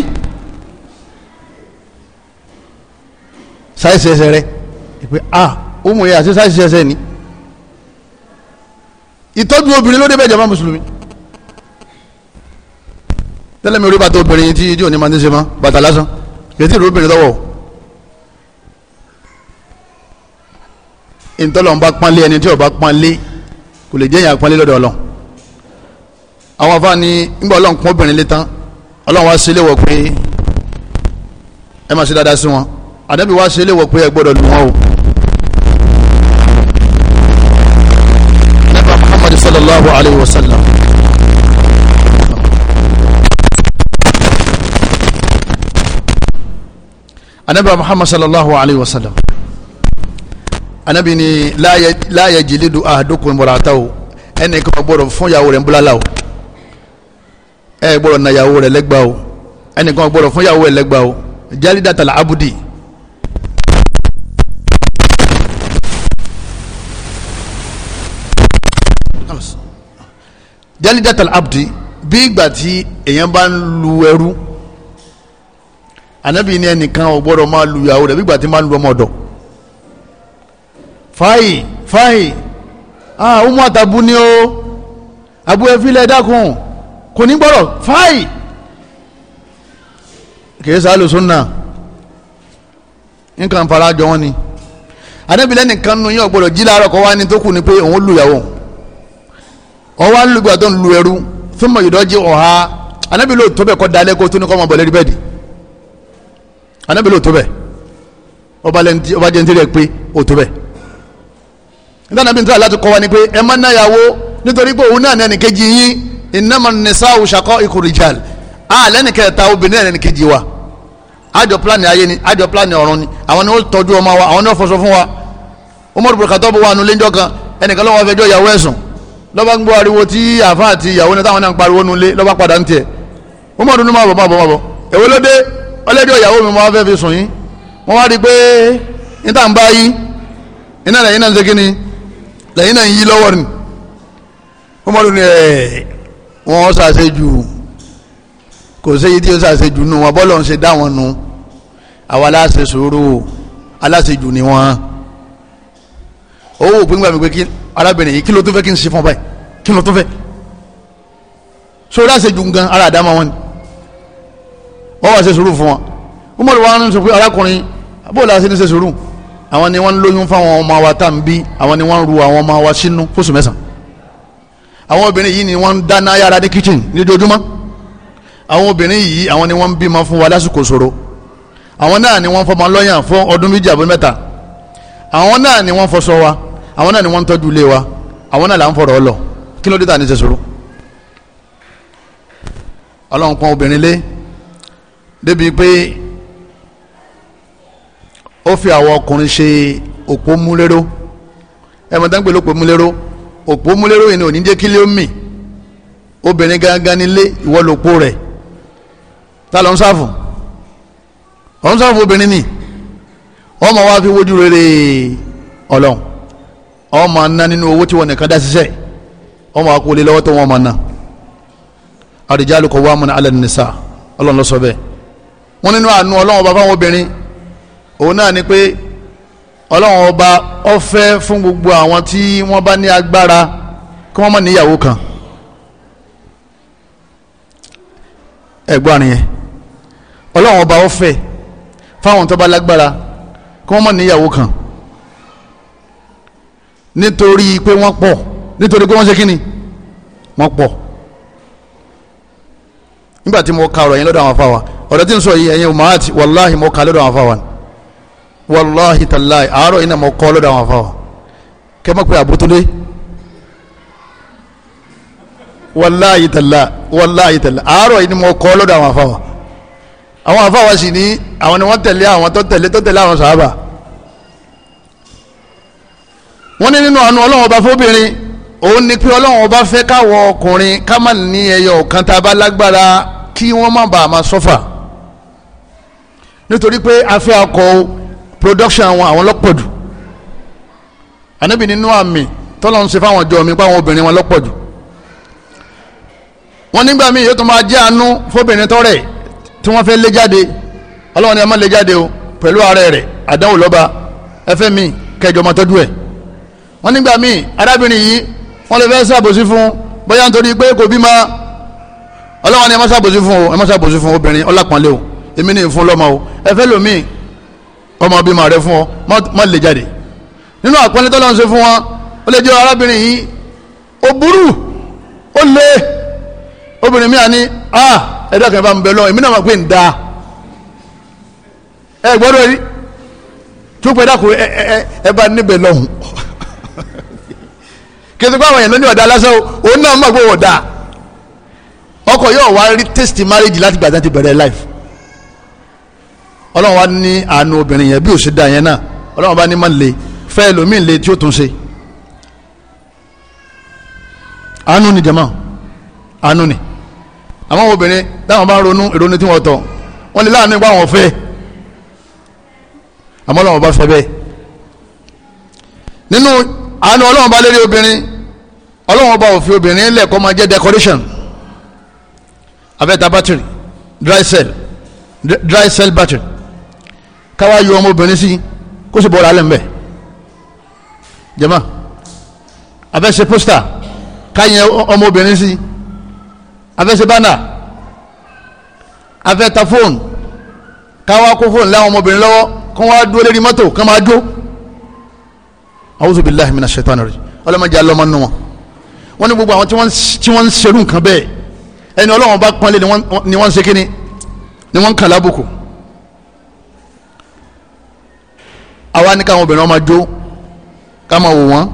sáìsì ẹsẹ̀ rẹ pé ah ó mú yẹ àti sáìsì ni ìtọ́jú obìnrin ló débẹ̀ jàmá mùsùlùmí tẹ́lẹ̀ mi rí bàtà obìnrin tí ìdí òní máa ní ṣe mọ́ bàtà lásán kìí tí ìrú obìnrin lọ́wọ́ ìtọ́lọ̀ ń bá pánlé ẹni tí ò bá pánlé kò lè jẹ́yìn àpánlé lọ́dọ̀ ọlọ́ àwọn afá ni nígbà ọlọ́run pọ́n obìnrin lé tán ọlọ́run wá sílé wọ̀ pé ẹ máa ṣe dáadáa sí wọn ànábì wá sí ilé wọ̀ pé ẹ gbọ́dọ̀ lù wọ́n o. nàbà Muhammad sallallahu alayhi wa sallam. anabi muhammad sallallahu alaihi wasallam anabi ni láàyè jìlídù àdókùn mọ̀ràtà o ẹnì kan gbọ́dọ̀ fún yàwó rẹ̀ ńbúlálà o ẹ gbọ́dọ̀ na yàwó rẹ̀ lẹ́gbàá o ẹnì kan gbọ́dọ̀ fún yàwó rẹ̀ lẹ́gbàá o jálídà tàlà abudi jalidatal abdi bí ìgbà tí èèyàn bá ń lu ẹrú anabi ní ẹnìkan ò gbọ́dọ̀ máa lu ìyàwó rẹ̀ bí ìgbà tí máa ń lu ọmọ ọ̀dọ̀ fáyì fáyì ah umu atabu ni o abu efilẹ dákun kò ní gbọ́dọ̀ fáyì kìí sáàlù súnà nǹkan farajọ wọn ni anabi lẹ́nìkan nu yín ò gbọ́dọ̀ jí láàárọ̀ kọ́ wá ní tó kù ni pé òun lu ìyàwó òun ọwọ́ alùpùpù àti lu ẹrú fún mọ̀ ìdọ́jì ọ̀ha anábì ló tó bẹ̀ kọ́ dalẹ́ kó tó ní kọ́ ọmọ bọ̀lẹ́rì bẹ́ẹ̀ di anábì ló tó bẹ̀ ọba jẹ́ nítorí ẹ̀ pé ó bẹ̀ nígbà náà bí n tó àlá kọ́ wa ni pé ẹ má náyàwó nítorí pé òun náà nẹ́ni kejì yín ìnáma nìsa òṣàkọ́ ìkùrìjàl àlẹ́ nìkẹ́ obìnrin náà wa àjọ pílánì ayé ni àjọ pílánì ọ̀run ni àwọn ni ó tọ́jú ọmọ wa àwọn ni ó fọṣọ fún wa Umar burúkú àtọ́bù wa nulẹ̀ ńjọ́ kan ẹnìkan ló fẹjọ́ ìyàwó ẹ̀sùn lọ́ba ń gbọ́ ariwo tí àfa àti ìyàwó náà táwọn náà ń pariwo nulẹ̀ lọ́ba padà ń tiẹ̀ wọ́n mọ̀ ọdún máa bọ̀ máa bọ̀ máa bọ̀ èwo ló dé ọlẹ́dẹ̀ ìyàwó mi wọ́n fẹ́ fi sùn yín wọ́n wá rí i pé níta ń bá yí iná lẹ́yìn náà ń ṣe ni lẹ́yìn náà ń yí lọ́wọ́ ni wọ́n mọ̀ ọdún ẹ̀ wọ́n ṣàṣe jù kò séyí tí ó ṣàṣe jù nù wọn bọ́lọ̀ ń ṣe dá wọn nù àwa aláṣẹ sòrò aláṣẹ jù ni wọn owó òpin gbàmí arábìnrin yìí kí ló tún fẹ́ kí n ṣe fún ọ báyìí kí ló tún fẹ́ sórí àṣejù gan ara àdámọ́ wọn ni wọ́n wá ṣe sùúrù fún wọn Umaru wa ń sọ pé arákùnrin bóòlù àṣẹ ní ṣe sùúrù àwọn ni wọ́n ń lóyún fáwọn ọmọ wa tá n bí àwọn ni wọ́n ń ru àwọn ọmọ wa sínú fóṣù mẹ́sàn àwọn obìnrin yìí ni wọ́n ń dáná yára ní kitchen lójoojúmọ́ àwọn obìnrin yìí àwọn ni wọ́n ń bímọ fún wa lásìkò ṣòro àwọn náà ni wọ́n fọmọ lọ́yàn fún ọdún méjì àbọ̀ mẹ́ta àwọn náà ni wọ́n fọṣọ wa àwọn náà ni wọ́n ń tọ́jú ilé wa àwọn náà là ń fọ̀rọ̀ ọ lọ kí ló dé tà ní ṣe sòrò ọlọ́run pọ́n obìnrin lé débi pé ó fi àwọn ọkùnrin ṣe òpó múléró ẹ̀mọ̀ tán pè lópò òpó múléró yìí ni òní jẹ́ kí lé mì obìnrin gangan nílé ìwọ lòpó rẹ̀ ta ló ń sáfù ọ̀ ń sáfù obìnrin ni ọmọ wa fi wojú rere ọlọ́run ọ máa ná nínú owó tí wọn nìkan dá ṣiṣẹ́ ọ máa kó lé lọ́wọ́ tó wọn máa ná àdìjálù kọ wàmúna alẹ́ nìsa ọlọ́run ló sọ bẹ́ẹ̀ wọn nínú àánú ọlọ́run ọba fáwọn obìnrin òun náà ni pé ọlọ́run ọba ọ̀fẹ́ fún gbogbo àwọn tí wọ́n bá ní agbára kí wọ́n má níyàwó kan ẹ̀gbọ́n àrùn yẹn ọlọ́run ọba ọ̀fẹ́ fáwọn tó bá lágbára kí wọ́n má níyàwó kan nítorí pé wọ́n pọ̀ nítorí pé wọ́n ṣe kí ni wọ́n pọ̀ nígbà tí mo ka ọ̀rọ̀ yẹn lọ́dọ̀ àwọn afáwa ọ̀rọ̀ tí n sọ yìí ẹ̀yin umahat wàláhi mo ka lọ́dọ̀ àwọn afáwa wàláhi tàláhi àárọ̀ yìí náà mo kọ́ lọ́dọ̀ àwọn afáwa kẹ́ mọ̀ pé àbótólé wàláhi tàláhi wàláhi tàláhi àárọ̀ yìí ni mo kọ́ lọ́dọ̀ àwọn afáwa àwọn afáwa sì ní àwọn ni wọ́n tẹ̀lé àwọn tó tẹ̀lé tó tẹ̀lé àwọn sàhábà wọ́n ní nínú àánú ọlọ́run ọba fóbìnrin òun ni pé ọlọ́run ọba fẹ́ káwọ ọkùnrin ká má ní ẹyọ ọ̀kan tá a bá lágbára kí wọ́n má bàa máa sọ́fà nítorí pé afẹ́ akọ production wọn àwọn lọ́pọ̀jù ànábì nínú àmì tọ́lọ́run ṣe fáwọn ọjọ́ mi páwọn obìnrin wọn lọ́pọ̀jù wọ́n nígbà míì yóò tún máa jẹ́ àánú fóbìnrin tọ́rẹ̀ tí wọ́n fẹ́ lé jáde ọlọ́run ni ẹ má lé jáde o pẹ̀lú ààrẹ rẹ̀ àdánwò lọ́ba ẹ mi kẹjọ máa tọ́jú ẹ̀ wọ́n nígbà míì arábìnrin yìí wọ́n lè fẹ́ ṣàbòsí fún bóyá nítorí pé kò bímọ ọlọ́wọ́n ni ẹ má ṣàbòsí fún o ẹ má ṣàbòsí fún obìnrin ọlápọ̀nlé o èmi ní ìfún lọ́mọ o ẹ fẹ́ lòmíì ọmọ bímọ rẹ fún ọ mọ lè jáde nínú àpọ́nlé tó lọ́n ṣe fún wọn ó lè jẹ́ arábìnrin yìí ó burú ó lé obìnrin ah, mi àní a ẹ̀dá kan bá ń bẹ lọ èmi náà máa pè ń da ẹ gbọ́dọ̀ rí tó pẹ́ dàkú ẹ ẹ ẹ bá níbẹ̀ lọ́hùn kí ẹsẹ̀ pé àwọn èèyàn ló ní ọ̀dà lásán o òun náà mọ̀ pé wọ́n ọkọ yóò wá rí test marriage láti gbàdá ti bẹ̀rẹ̀ life ọlọ́run wa ní àánú obìnrin yẹn bí ò sí da yẹn náà ọlọ́run bá ní má le fẹ́ ẹlòmíì le tí ó tún ṣe àánú ni jẹ̀mọ́ àánú ni àwọn obìnrin táwọn bá ń ronú ìrònú tí wọ́n tọ̀ wọ́n lè láàánú ipá wọn fẹ́ àmọ́ ọlọ́run bá fẹ́ bẹ́ẹ̀ nínú àánú ọlọ́run bá lérí obìnrin ọlọ́run bá òfin obìnrin lẹ̀ máa jẹ́ decoration afẹ́ta battery dry cell dry cell battery káwá yọ ọmọ obìnrin sí kó sì bọ́ra alẹ́ ń bẹ̀ jẹ́mọ́ afẹ́sẹ̀ pósítà káyẹ ọmọ obìnrin sí afẹ́sẹ̀ bánà afẹ́ta fóònù káwá kó fóònù láwọn ọmọ obìnrin lọ́wọ́ kó wá dúró lérí mọ́tò kó máa dúró awuzu bilahi mina shaitan rẹ ọlọmọdé alọmọ nù wọn wọn ní gbogbo àwọn tí wọn ń serú nǹkan bẹ́ẹ̀ ẹni Ọlọ́run bá pọnlé ni wọn ń segin ni wọn ń kàn lábùkù àwa ní káwọn obìnrin ọmọ jó ká máa wò wọn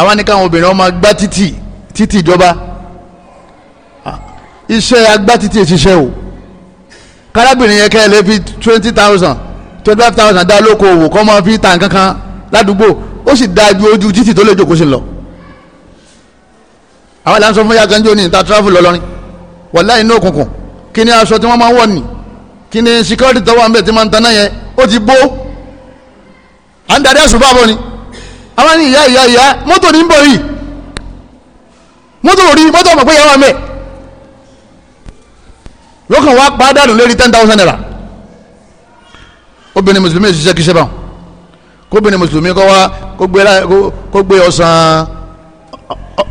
àwa ní káwọn obìnrin ọmọ gbá títì títì ìjọba iṣẹ́ agbá títì ìṣiṣẹ́ o kárábìnrin yẹn kẹ́ ẹ lé fi twenty thousand twenty five thousand dá lóko òwò kọ́ máa fi ta nǹkan ládùúgbò ó sì da ibi ojú títì tó lè jókòó sí lọ àwọn ìlànà sọ fún yaganjo ní ìta travel lọlọrin wàlá inú òkùnkùn kí ni aṣọ tí wọ́n máa ń wọ̀ ni kí ni security tó wà ń bẹ̀ tí máa ń taná yẹn ó ti bó à ń darí àṣùbà bọ̀ ni àwọn ní ìyá ìyá ìyá mọ́tò ní ń bọ̀ yìí mọ́tò rí mọ́tò ọmọ pé ìyá mẹ́ lọ́kàn wá pa lórí ten thousand naira obìnrin mùsùlùmí ṣiṣẹ́ kìí báwọn kóbìnrin mùsùlùmí kọ́ wá kó gbé ọ̀sán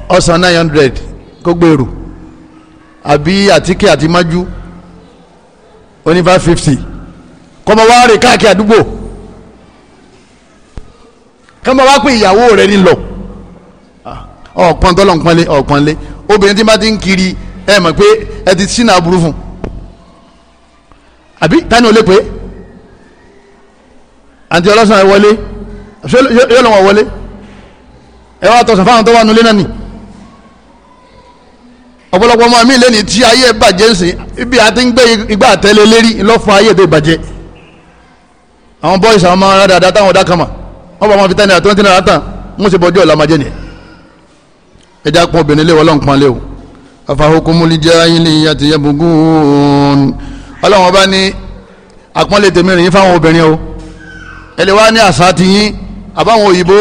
ọ̀sán nine hundred kó gbé rù àbí àtíkè àti májú oní five fifty kọ́mọ wá rè káàkiri àdúgbò kọ́mọ wá pé ìyàwó rẹ̀ ní lọ ah, ọ̀pọ̀n tọ́lọ̀ ń pọ́nlé ọ̀pọ̀n lé obìnrin tí bá ti ń kiri ẹ mọ̀ pé ẹ ti sínú aburú fún àbí tani ò lè àti ọlọ́sàn wọlé yóò lọ́wọ́ wọlé ẹ wá tọ̀sán fáwọn tó wà nulẹ̀ náà ni ọ̀pọ̀lọpọ̀ ọmọ mi lẹ́ni tí ayé bàjẹ́ ń sìn ibi àti ń gbé igbá àtẹ́lẹ̀ lérí lọ́fọ̀ ayé tó bàjẹ́ àwọn bọ́ìsì àwọn ọmọ rẹ̀ dáadáa táwọn ọ̀dà kama wọ́n bá wọn fi tẹ́ni àti wọ́n ti náírà tán wọ́n sì bọ́jú ọ̀la máa jẹ́ nìyẹn ẹ̀dá pọ̀ obìnrin lé wọlọ́n pan lé o afahukumul jahiliyati yabghun ọlọ́wọ́n bá ní àpọ́nlé tèmi rìn fáwọn obìnrin o ẹlẹ́ wa ní àṣà tiyín àbáwọn òyìnbó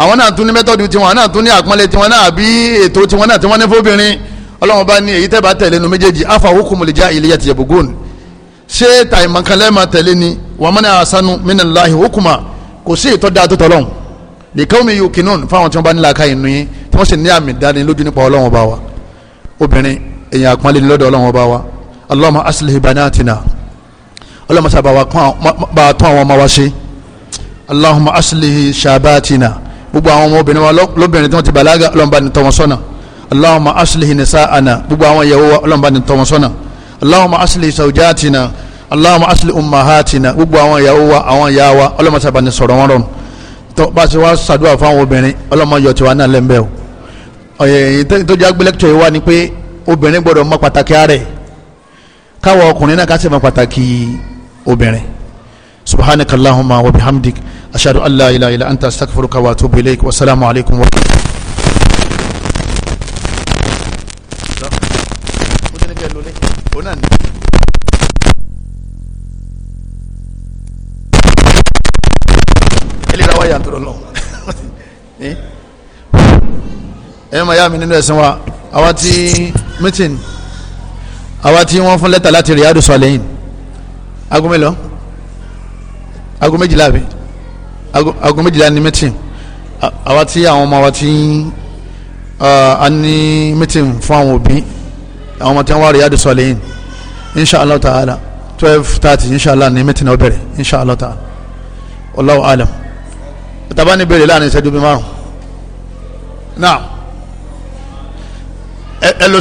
àwọn náà tún ní mẹ́tọ́dù tiwọn àwọn náà tún ní àpọ́nlé tiwọn náà àbí ètò tiwọn náà tí ní fóbìnrin ọlọ́wọ́n bá ní èyí tẹ́ bá tẹ̀lé nu méjèèjì afa hukumul jahiliyyati yabghun ṣé tàìmọ̀kànlẹ́ máa tẹ̀lé ni wa man ahsanu minallahi hukuma kò sí ìtọ́ da tó tọ́lọ́hún nìkan omi yòókì náà fáwọn tí wọ́n bá nílà ká inú yín tí wọ́n sì ní àmì dání lójú nípa ọlọ́wọ́n bá wa obìnrin èèyàn àpọ́nlé ni lọ́dọ̀ bá wa Allahumma aslih banatina ọlọ́wọ́n sábà wa tán àwọn ọmọ wa ṣe allahumma aslihi shabatina gbogbo àwọn ọmọbìnrin wa lóbìnrin tí wọ́n ti bàlágà ọlọ́mọba ní tọ́ wọn sọ́nà allahumma aslihi nisa'ana gbogbo àwọn ìyàwó wa ọlọ́mọba ní tọ́ wọn sọ́nà allahumma aslihi zawjatina allahumma aslihi ummahatina gbogbo àwọn ìyàwó wa àwọn ìyá wa ọlọ́mọsàbà ní sọ̀rọ̀ wọn rọrùn tó bá ti wá sàdúrà fáwọn obìnrin ọlọ́mọ yọ tiwa náà lẹ́ńbẹ́ o ọ̀yẹ̀ tó jẹ́ agbélẹ́tọ̀ yìí wá ni pé obìnrin gbọ́dọ̀ mọ pàtàkì ara káwọ ọkùnrin náà ká sì mọ pàtàkì obìnrin subhanaka allahumma wa bihamdik ashhadu an la ilaha illa anta astaghfiruka wa atubu ilaik wa salaamu alaykum wa ẹ máa yá mi nínú ẹ̀sìn wa àwa tí meeting àwa tí wọ́n fún lẹ́tà láti Riyadu Salihin agunmẹ́lọ́ aago méjìlá àbí aago méjìlá ní meeting àwa tí àwọn ọmọ wa tí a ní meeting fún àwọn òbí àwọn ọmọ tí wọ́n wá Riyadu Salihin inshallah ta'ala twelve thirty inshallah ni meeting náà bẹ̀rẹ̀ inshallah ta'ala Allahu alam tàbá ní bèrè láàrin ìṣẹ́jú bí márùn-ún náà ẹ lọ.